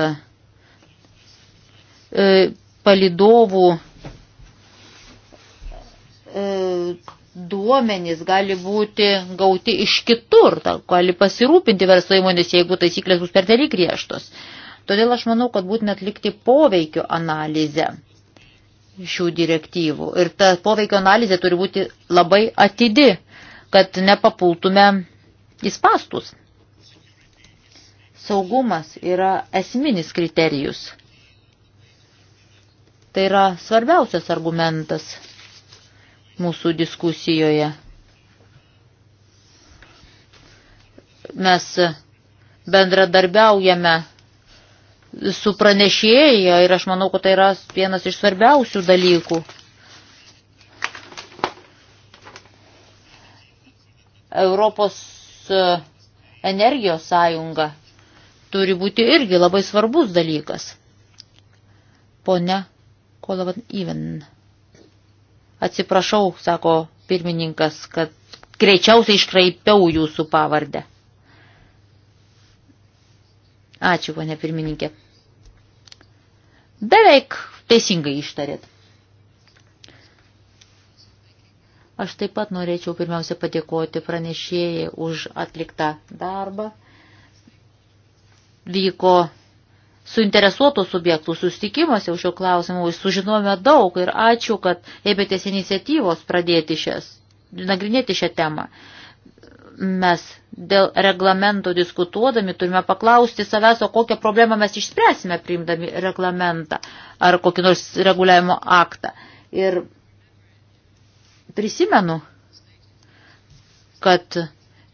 Speaker 2: e, palidovų e, duomenys gali būti gauti iš kitur, ta, gali pasirūpinti verslo įmonės, jeigu taisyklės bus pernelyg griežtos. Todėl aš manau, kad būtina atlikti poveikio analizę šių direktyvų. Ir ta poveikio analizė turi būti labai atidi, kad nepapultume į spastus. Saugumas yra esminis kriterijus. Tai yra svarbiausias argumentas mūsų diskusijoje. Mes bendradarbiaujame su pranešėja ir aš manau, kad tai yra vienas iš svarbiausių dalykų. Europos e, energijos sąjunga turi būti irgi labai svarbus dalykas. Pone Kolavan Even. Atsiprašau, sako pirmininkas, kad greičiausiai iškraipiau jūsų pavardę. Ačiū, ponė pirmininkė. Beveik teisingai ištarėt. Aš taip pat norėčiau pirmiausia padėkoti pranešėjai už atliktą darbą. Vyko suinteresuotų subjektų sustikimas jau šio klausimu, sužinojome daug ir ačiū, kad ėmėtės iniciatyvos pradėti šias, nagrinėti šią temą mes dėl reglamento diskutuodami turime paklausti savęs, o kokią problemą mes išspręsime priimdami reglamentą ar kokį nors reguliavimo aktą. Ir prisimenu, kad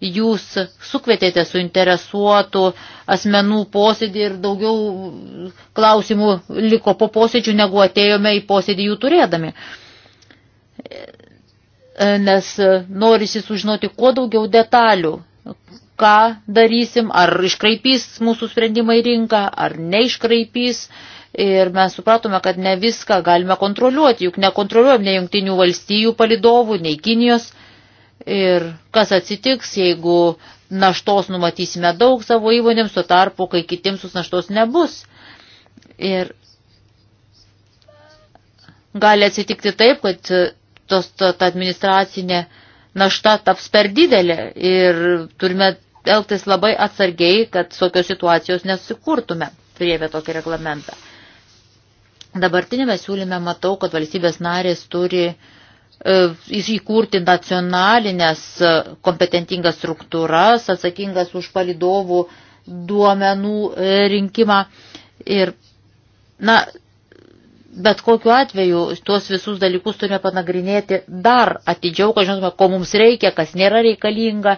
Speaker 2: jūs sukvietėte suinteresuotų asmenų posėdį ir daugiau klausimų liko po posėdžių, negu atėjome į posėdį jų turėdami. Uh, E, nes e, norisi sužinoti kuo daugiau detalių, ką darysim, ar iškraipys mūsų sprendimai rinką, ar neiškraipys. Ir mes supratome, kad ne viską galime kontroliuoti, juk nekontroliuojam nei jungtinių valstijų palidovų, nei Kinijos. Ir kas atsitiks, jeigu naštos numatysime daug savo įmonėms, tuo tarpu, kai kitiems sus naštos nebus. Ir gali atsitikti taip, kad tos, to, ta administracinė našta taps per didelė ir turime elgtis labai atsargiai, kad tokios situacijos nesukurtume prievė tokį reglamentą. Dabartinėme siūlyme matau, kad valstybės narės turi e, įkurti nacionalinės e, kompetentingas struktūras, atsakingas už palidovų duomenų e, rinkimą. Ir, na, bet kokiu atveju tuos visus dalykus turime panagrinėti dar atidžiau, kad žinotume, ko mums reikia, kas nėra reikalinga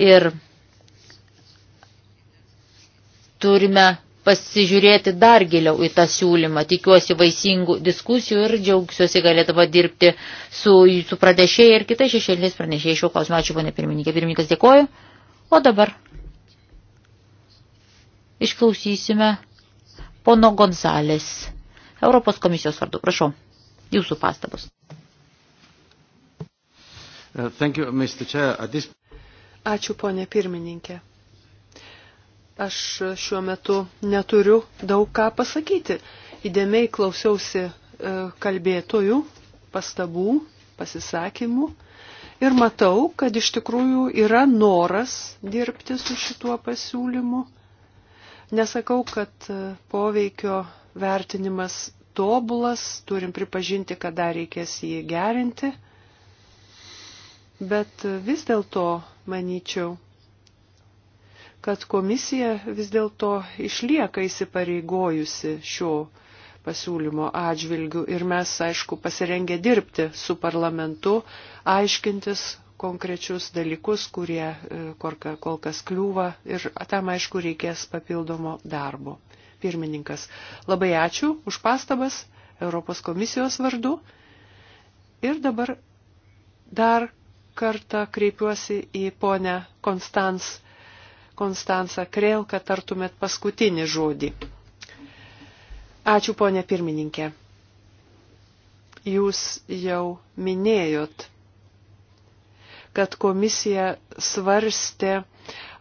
Speaker 2: ir turime pasižiūrėti dar giliau į tą siūlymą. Tikiuosi vaisingų diskusijų ir džiaugsiuosi galėtama dirbti su, su pradėšėjai ir kitais šešėliniais pranešėjai šio klausimo. Ačiū, ponė pirmininkė. Pirmininkas dėkoju. O dabar išklausysime pono Gonzalės Europos komisijos vardu. Prašau, jūsų pastabos. Uh, thank you, Mr. Chair. At this... Ačiū,
Speaker 3: ponė pirmininkė. Aš šiuo metu neturiu daug ką pasakyti. Įdėmiai klausiausi uh, kalbėtojų, pastabų, pasisakymų ir matau, kad iš tikrųjų yra noras dirbti su šituo pasiūlymu. Nesakau, kad uh, poveikio vertinimas tobulas, turim pripažinti, kad dar reikės jį gerinti. Bet vis dėlto, manyčiau, kad komisija vis dėlto išlieka įsipareigojusi šio pasiūlymo atžvilgių ir mes, aišku, pasirengę dirbti su parlamentu, aiškintis konkrečius dalykus, kurie e, kol kas kliūva ir tam, aišku, reikės papildomo darbo pirmininkas. Labai ačiū už pastabas Europos komisijos vardu. Ir dabar dar kartą kreipiuosi į ponę Konstans, Konstansą Krėl, kad tartumėt paskutinį žodį. Ačiū, ponė pirmininkė. Jūs jau minėjot, kad komisija svarstė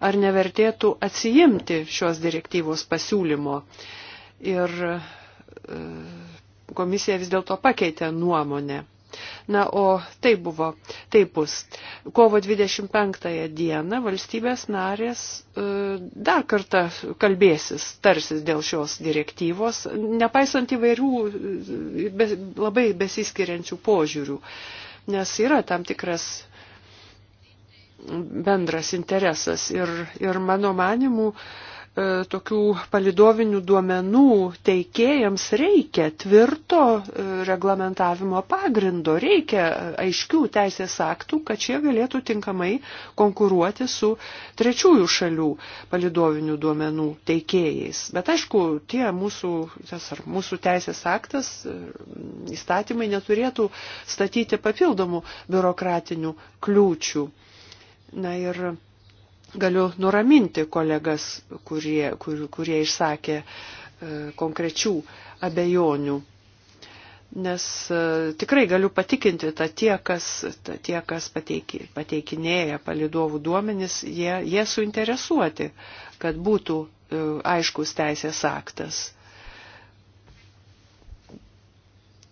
Speaker 3: ar nevertėtų atsijimti šios direktyvos pasiūlymo. Ir e, komisija vis dėlto pakeitė nuomonę. Na, o tai buvo, tai bus. Kovo 25 dieną valstybės narės e, dar kartą kalbėsis, tarsis dėl šios direktyvos, nepaisant įvairių e, be, labai besiskiriančių požiūrių, nes yra tam tikras bendras interesas. Ir, ir mano manimų, e, tokių palidovinių duomenų teikėjams reikia tvirto e, reglamentavimo pagrindo, reikia aiškių teisės aktų, kad šie galėtų tinkamai konkuruoti su trečiųjų šalių palidovinių duomenų teikėjais. Bet aišku, tie mūsų, tas, ar mūsų teisės aktas, e, įstatymai neturėtų statyti papildomų biurokratinių kliūčių. Na ir galiu nuraminti kolegas, kurie, kur, kurie išsakė e, konkrečių abejonių. Nes e, tikrai galiu patikinti, ta tie, kas, ta tie, kas pateiki, pateikinėja palidovų duomenis, jie, jie suinteresuoti, kad būtų e, aiškus teisės aktas.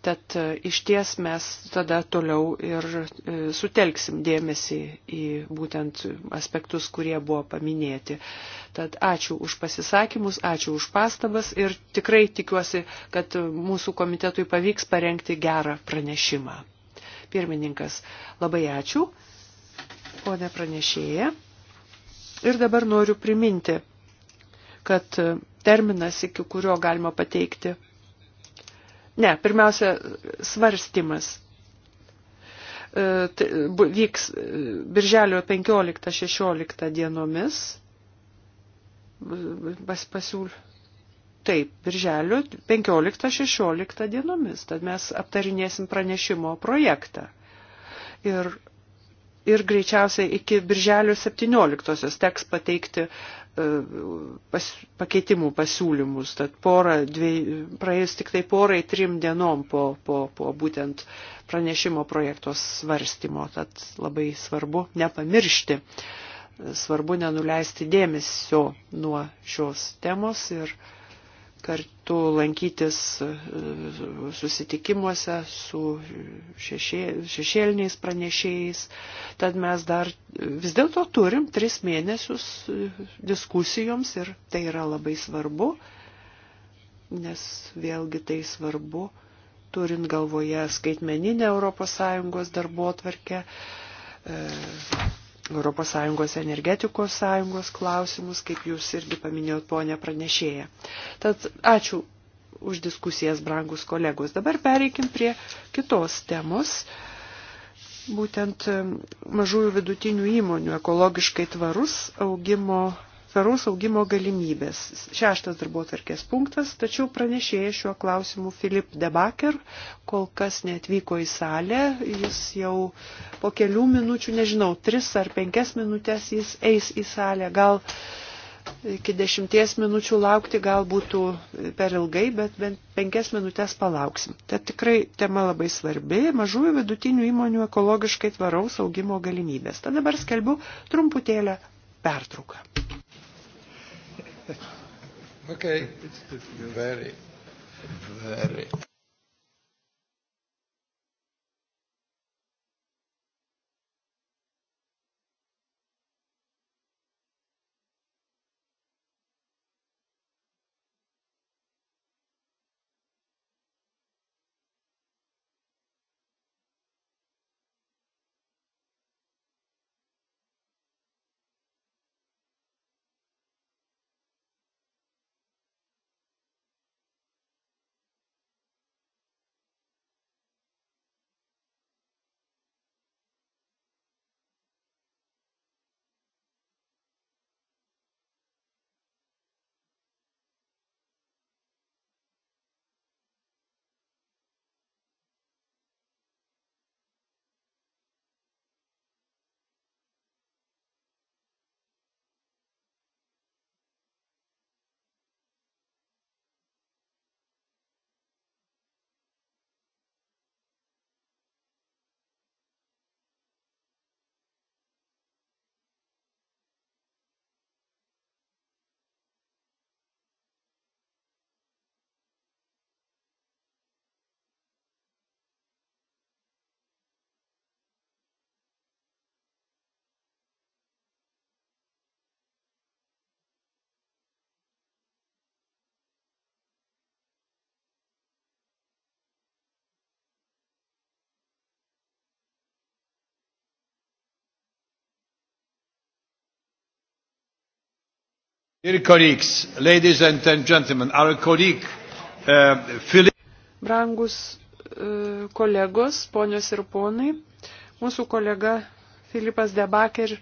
Speaker 3: Tad e, iš ties mes tada toliau ir e, sutelksim dėmesį į būtent aspektus, kurie buvo paminėti. Tad ačiū už pasisakymus, ačiū už pastabas ir tikrai tikiuosi, kad mūsų komitetui pavyks parengti gerą pranešimą. Pirmininkas, labai ačiū, ponė pranešėja. Ir dabar noriu priminti, kad terminas, iki kurio galima pateikti Ne, pirmiausia, svarstymas e, tai vyks e, birželio 15-16 dienomis. Pas, pasiūl... Taip, birželio 15-16 dienomis. Tad mes aptarinėsim pranešimo projektą. Ir ir greičiausiai iki birželio 17-osios teks pateikti e, pas, pakeitimų pasiūlymus. Tad porą, dviej, praėjus tik tai porai, trim dienom po, po, po būtent pranešimo projektos svarstymo. Tad labai svarbu nepamiršti, e, svarbu nenuleisti dėmesio nuo šios temos ir kartu lankytis e, susitikimuose su šešėliniais pranešėjais. Tad mes dar vis dėlto turim tris mėnesius e, diskusijoms ir tai yra labai svarbu, nes vėlgi tai svarbu, turint galvoje skaitmeninę ES darbo atvarkę e, ES energetikos sąjungos klausimus, kaip jūs irgi paminėjot, ponė pranešėja. Tad ačiū už diskusijas, brangus kolegos. Dabar pereikim prie kitos temos, būtent e, mažųjų vidutinių įmonių ekologiškai tvarus augimo tvaraus augimo galimybės. Šeštas darbo tvarkės punktas, tačiau pranešėja šiuo klausimu Filip Debaker kol kas neatvyko į salę, jis jau po kelių minučių, nežinau, tris ar penkias minutės jis eis į salę, gal iki dešimties minučių laukti gal būtų per ilgai, bet bent penkias minutės palauksim. Tai tikrai tema labai svarbi - mažųjų vidutinių įmonių ekologiškai tvaraus augimo galimybės. Tad dabar skelbiu trumputėlę pertrauką.
Speaker 1: okay. It's difficult. Very, very. Dear colleagues, ladies and gentlemen, our colleague uh, Philip.
Speaker 3: Brangus uh, kolegos, ponios ir ponai, mūsų kolega Filipas Debaker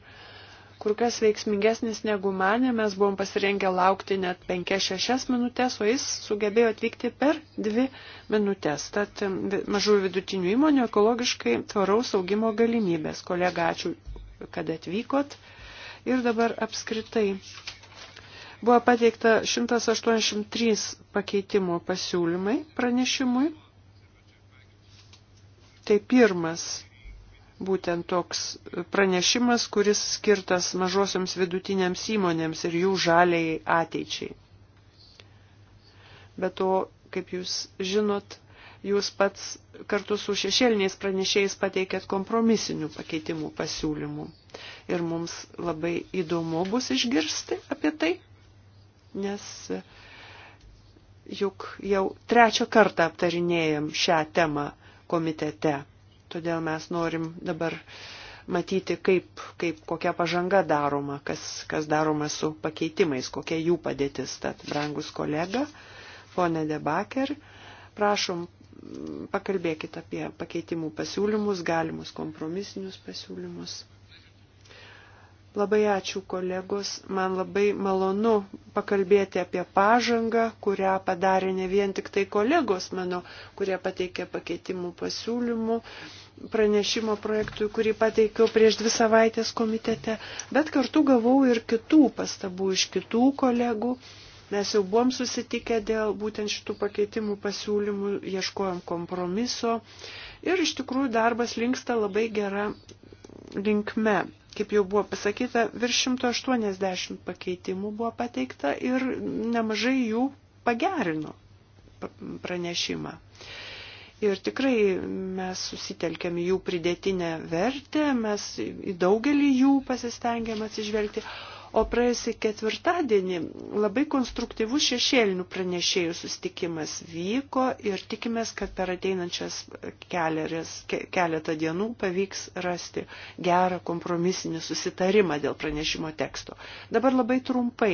Speaker 3: kur kas veiksmingesnis negu mane, mes buvom pasirengę laukti net 5-6 minutės, o jis sugebėjo atvykti per 2 minutės. Tad um, mažų vidutinių įmonių ekologiškai tvaraus augimo galimybės. Kolega, ačiū, kad atvykot. Ir dabar apskritai Buvo pateikta 183 pakeitimo pasiūlymai pranešimui. Tai pirmas būtent toks pranešimas, kuris skirtas mažosioms vidutinėms įmonėms ir jų žaliai ateičiai. Be to, kaip jūs žinot, jūs pats kartu su šešėliniais pranešėjais pateikėt kompromisinių pakeitimų pasiūlymų. Ir mums labai įdomu bus išgirsti apie tai nes juk jau trečią kartą aptarinėjom šią temą komitete. Todėl mes norim dabar matyti, kaip, kaip kokia pažanga daroma, kas, kas daroma su pakeitimais, kokia jų padėtis. Tad, brangus kolega, ponė Debaker, prašom, pakalbėkit apie pakeitimų pasiūlymus, galimus kompromisinius pasiūlymus. Labai ačiū kolegos, man labai malonu pakalbėti apie pažangą, kurią padarė ne vien tik tai kolegos mano, kurie pateikė pakeitimų pasiūlymų pranešimo projektui, kurį pateikiau prieš dvi savaitės komitete, bet kartu gavau ir kitų pastabų iš kitų kolegų. Mes jau buvom susitikę dėl būtent šitų pakeitimų pasiūlymų, ieškojom kompromiso ir iš tikrųjų darbas linksta labai gera linkme kaip jau buvo pasakyta, virš 180 pakeitimų buvo pateikta ir nemažai jų pagerino pranešimą. Ir tikrai mes susitelkėm jų pridėtinę vertę, mes į daugelį jų pasistengėm atsižvelgti, O praėjusį ketvirtadienį labai konstruktyvus šešėlinių pranešėjų sustikimas vyko ir tikimės, kad per ateinančias kelias, keletą dienų pavyks rasti gerą kompromisinį susitarimą dėl pranešimo teksto. Dabar labai trumpai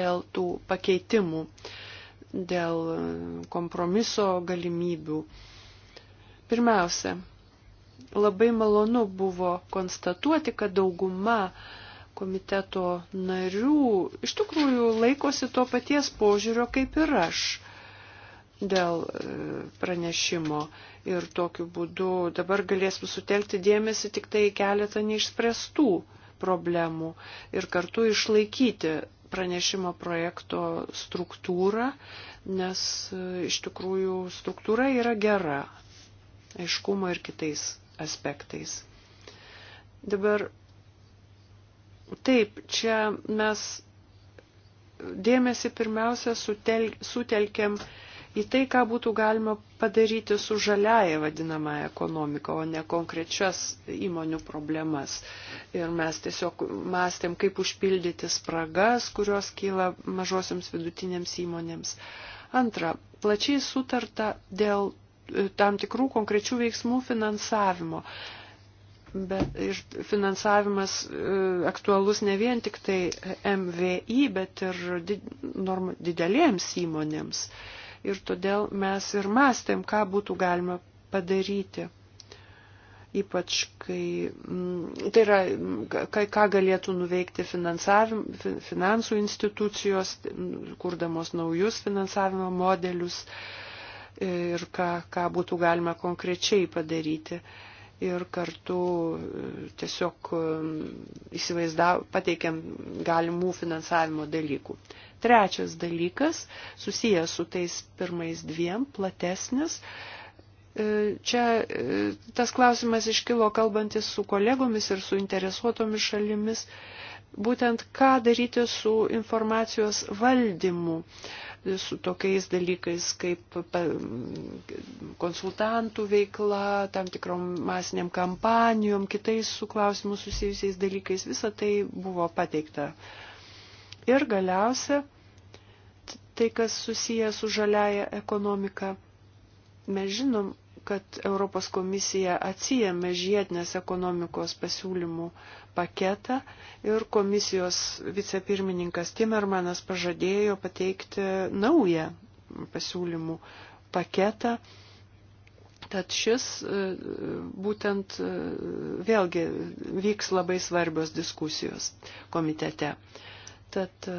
Speaker 3: dėl tų pakeitimų, dėl kompromiso galimybių. Pirmiausia, labai malonu buvo konstatuoti, kad dauguma uh, komiteto narių iš tikrųjų laikosi to paties požiūrio kaip ir aš dėl e, pranešimo. Ir tokiu būdu dabar galėsim sutelkti dėmesį tik tai keletą neišspręstų problemų ir kartu išlaikyti pranešimo projekto struktūrą, nes e, iš tikrųjų struktūra yra gera, aiškumo ir kitais aspektais. Dabar Taip, čia mes dėmesį pirmiausia sutel, sutelkiam į tai, ką būtų galima padaryti su žaliaja vadinamąją ekonomiką, o ne konkrečias įmonių problemas. Ir mes tiesiog mąstėm, kaip užpildyti spragas, kurios kyla mažosiams vidutinėms įmonėms. Antra, plačiai sutarta dėl e, tam tikrų konkrečių veiksmų finansavimo. Bet finansavimas e, aktualus ne vien tik tai MVI, bet ir didelėms įmonėms. Ir todėl mes ir mąstėm, ką būtų galima padaryti. Ypač, kai mm, tai yra, kai, ką galėtų nuveikti finansų institucijos, kurdamos naujus finansavimo modelius e, ir ką, ką būtų galima konkrečiai padaryti ir kartu e, tiesiog e, pateikiam galimų finansavimo dalykų. Trečias dalykas, susijęs su tais pirmais dviem, platesnis. E, čia tas klausimas iškilo kalbantis su kolegomis ir su interesuotomis šalimis, būtent ką daryti su informacijos valdymu. Uh, su tokiais dalykais kaip konsultantų veikla, tam tikrom masiniam kampanijom, kitais su klausimu susijusiais dalykais. Visa tai buvo pateikta. Ir galiausia, tai kas susiję su žaliaja ekonomika. Mes žinom, kad Europos komisija atsijėmė žiedinės ekonomikos pasiūlymų paketą ir komisijos vicepirmininkas Timermanas pažadėjo pateikti naują pasiūlymų paketą. Tad šis e, būtent e, vėlgi vyks labai svarbios diskusijos komitete. Tad e,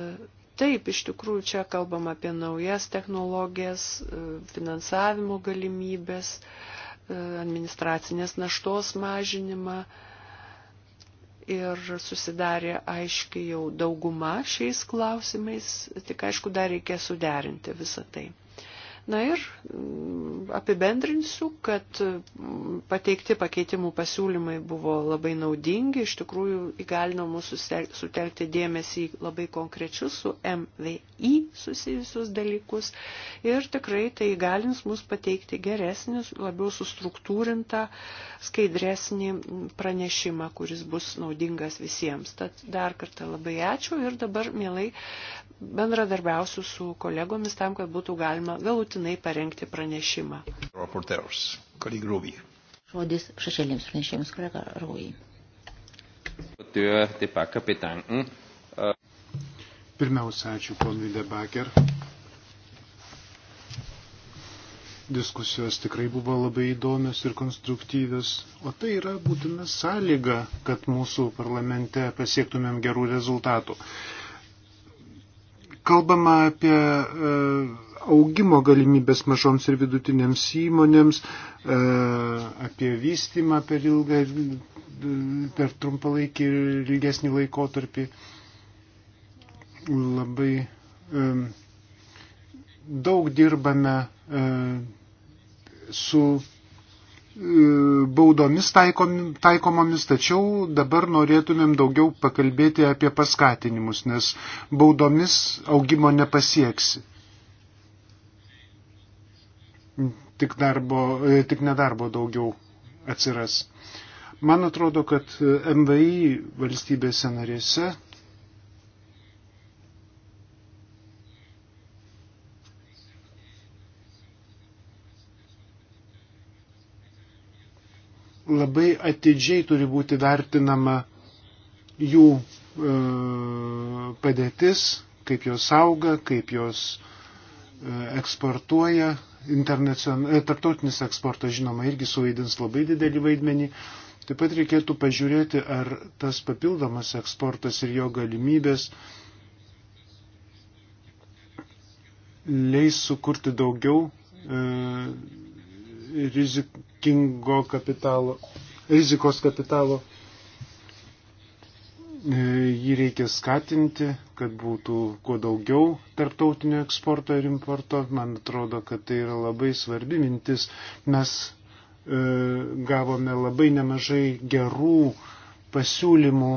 Speaker 3: Taip, iš tikrųjų, čia kalbam apie naujas technologijas, e, finansavimo galimybės, e, administracinės naštos mažinimą. Ir susidarė aiškiai jau dauguma šiais klausimais, tik aišku, dar reikia suderinti visą tai. Na ir mm, apibendrinsiu, kad mm, pateikti pakeitimų pasiūlymai buvo labai naudingi, iš tikrųjų įgalino mūsų sutelkti dėmesį labai konkrečius su MVI susijusius dalykus ir tikrai tai įgalins mus pateikti geresnį, labiau sustruktūrintą, skaidresnį mm, pranešimą, kuris bus naudingas visiems. Tad dar kartą labai ačiū ir dabar mielai bendradarbiausiu su kolegomis tam, kad būtų galima galutinai būtinai parengti pranešimą.
Speaker 2: Žodis šešėlėms pranešėjams, kolega Rūjai.
Speaker 1: Mm. Pirmiausia, ačiū ponui Debaker. Diskusijos tikrai buvo labai įdomios ir konstruktyvios, o tai yra būtina sąlyga, kad mūsų parlamente pasiektumėm gerų rezultatų. Kalbama apie e, augimo galimybės mažoms ir vidutinėms įmonėms, e, apie vystimą per ilgą ir per trumpalaikį ir ilgesnį laikotarpį. Labai e, daug dirbame e, su baudomis taikom, taikomomis, tačiau dabar norėtumėm daugiau pakalbėti apie paskatinimus, nes baudomis augimo nepasieksi tik, darbo, e, tik nedarbo daugiau atsiras. Man atrodo, kad e, MVI valstybėse narėse labai atidžiai turi būti vertinama jų e, padėtis, kaip jos auga, kaip jos e, eksportuoja, E, tarptautinis eksportas, žinoma, irgi suvaidins labai didelį vaidmenį. Taip pat reikėtų pažiūrėti, ar tas papildomas eksportas ir jo galimybės leis sukurti daugiau e, rizikingo kapitalo, rizikos kapitalo E, jį reikia skatinti, kad būtų kuo daugiau tarptautinio eksporto ir importo. Man atrodo, kad tai yra labai svarbi mintis. Mes e, gavome labai nemažai gerų pasiūlymų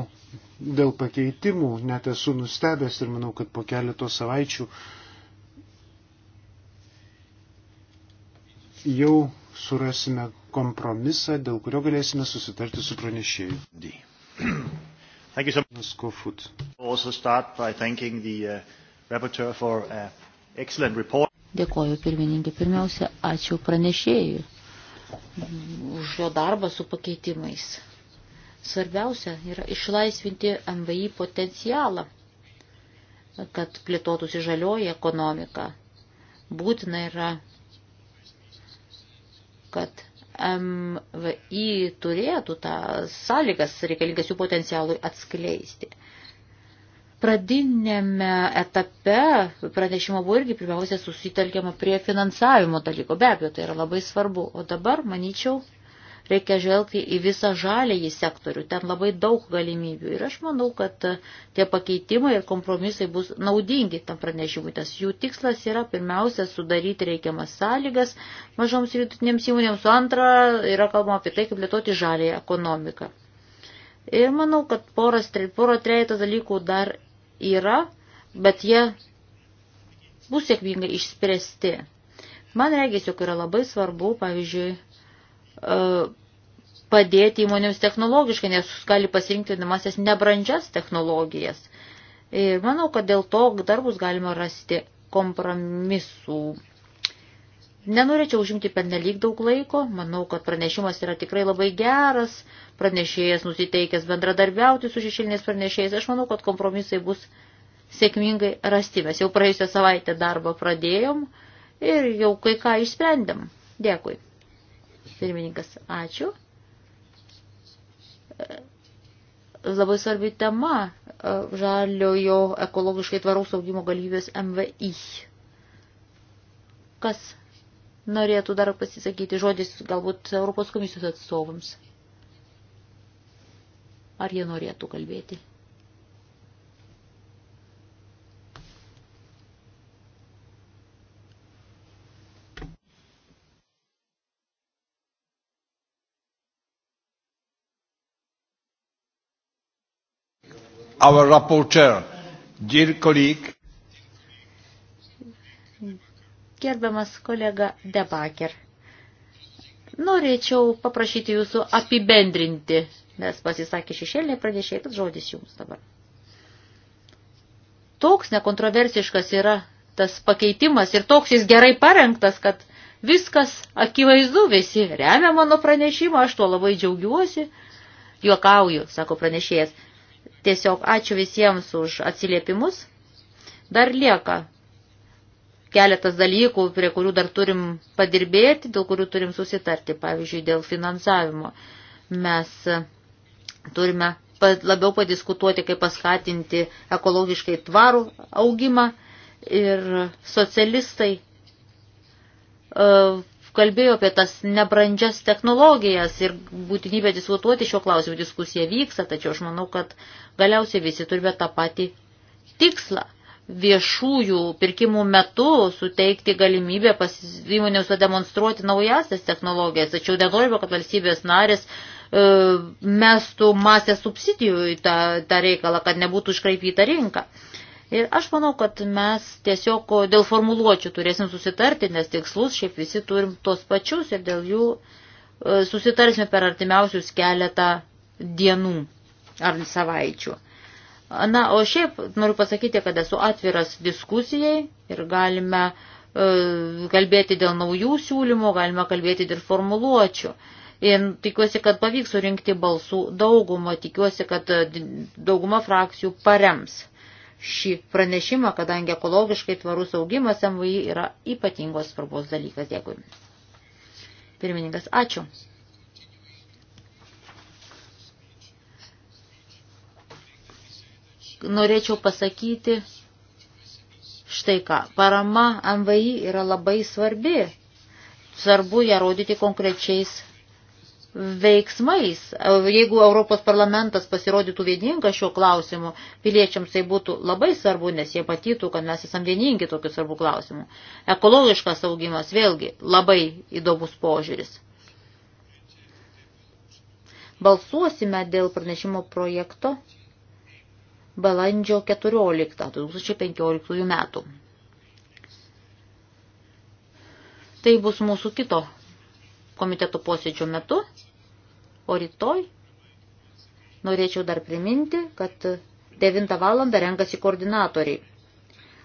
Speaker 1: dėl pakeitimų, net esu nustebęs ir manau, kad po keletos savaičių jau surasime kompromisą, dėl kurio galėsime susitarti su pranešėju. Thank you so much. Skofut.
Speaker 2: Also start by thanking the uh, rapporteur for uh, excellent report. Dėkoju pirmininkė. Pirmiausia, ačiū pranešėjui už jo darbą su pakeitimais. Svarbiausia yra išlaisvinti MVI potencialą, kad plėtotųsi žalioji ekonomika. Būtina yra, kad MVI turėtų tą sąlygas reikalingas jų potencialui atskleisti. Pradinėme etape pranešimo buvo irgi pirmiausia susitelkiama prie finansavimo dalyko. Be abejo, tai yra labai svarbu. O dabar, manyčiau, reikia žvelgti į visą žalėjį sektorių, ten labai daug galimybių. Ir aš manau, kad e, tie pakeitimai ir kompromisai bus naudingi tam pranešimui, nes jų tikslas yra pirmiausia sudaryti reikiamas sąlygas mažoms ir vidutinėms įmonėms, o antra yra kalbama apie tai, kaip lietoti žalėjį ekonomiką. Ir manau, kad poras, poro trejata dalykų dar yra, bet jie bus sėkmingai išspręsti. Man regis, jog yra labai svarbu, pavyzdžiui, padėti įmonėms technologiškai, nes gali pasirinkti vadinamasias nebrandžias technologijas. Ir manau, kad dėl to dar bus galima rasti kompromisų. Nenorėčiau užimti per nelik daug laiko, manau, kad pranešimas yra tikrai labai geras, pranešėjas nusiteikęs bendradarbiauti su šešėlinės pranešėjais, aš manau, kad kompromisai bus sėkmingai rasti. Mes jau praėjusią savaitę darbą pradėjom ir jau kai ką išsprendėm. Dėkui. Pirmininkas, ačiū. Labai svarbi tema e, žaliojo ekologiškai tvaraus augimo galimybės MVI. Kas norėtų dar pasisakyti žodis galbūt Europos komisijos atstovams? Ar jie norėtų kalbėti?
Speaker 3: our
Speaker 1: rapporteur, dear colleague.
Speaker 2: Gerbiamas kolega Debaker, norėčiau paprašyti jūsų apibendrinti, nes pasisakė šešėlė pranešėjai, tad žodis jums dabar. Toks nekontroversiškas yra tas pakeitimas ir toks jis gerai parengtas, kad viskas akivaizdu, visi remia mano pranešimą, aš tuo labai džiaugiuosi. Juokauju, sako pranešėjas, Tiesiog ačiū visiems už atsiliepimus. Dar lieka keletas dalykų, prie kurių dar turim padirbėti, dėl kurių turim susitarti, pavyzdžiui, dėl finansavimo. Mes e, turime labiau padiskutuoti, kaip paskatinti ekologiškai tvarų augimą ir socialistai e, kalbėjo apie tas nebrandžias technologijas ir būtinybę diskutuoti šio klausimu. Diskusija vyksta, tačiau aš manau, kad Galiausiai visi turime tą patį tikslą viešųjų pirkimų metu suteikti galimybę įmonėms pademonstruoti naujasias technologijas, tačiau nenorime, kad valstybės narės e, mestų masę subsidijų į tą, tą reikalą, kad nebūtų iškraipyta rinka. Ir aš manau, kad mes tiesiog dėl formuluočių turėsim susitarti, nes tikslus šiaip visi turim tos pačius ir dėl jų e, susitarsime per artimiausius keletą dienų ar savaičių. Na, o šiaip noriu pasakyti, kad esu atviras diskusijai ir galime e, kalbėti dėl naujų siūlymų, galime kalbėti dėl formuluočių. Ir tikiuosi, kad pavyks surinkti balsų daugumą, tikiuosi, kad e, dauguma frakcijų parems šį pranešimą, kadangi ekologiškai tvarus augimas MVI yra ypatingos svarbos dalykas. Dėkui. Pirmininkas, ačiū. norėčiau pasakyti štai ką. Parama MVI yra labai svarbi. Svarbu ją rodyti konkrečiais veiksmais. Jeigu Europos parlamentas pasirodytų vieninga šiuo klausimu, piliečiams tai būtų labai svarbu, nes jie patytų, kad mes esam vieningi tokiu svarbu klausimu. Ekologiškas augimas vėlgi labai įdomus požiūris. Balsuosime dėl pranešimo projekto balandžio 14 2015 metų. Tai bus mūsų kito komiteto posėdžio metu, o rytoj norėčiau dar priminti, kad 9 valandą renkasi koordinatoriai,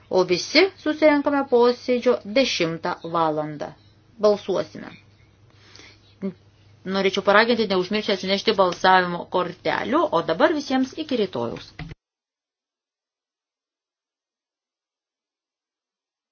Speaker 2: o visi susirenkame posėdžio 10 valandą. Balsuosime. Norėčiau paraginti neužmiršti atsinešti balsavimo kortelių, o dabar visiems iki rytojaus.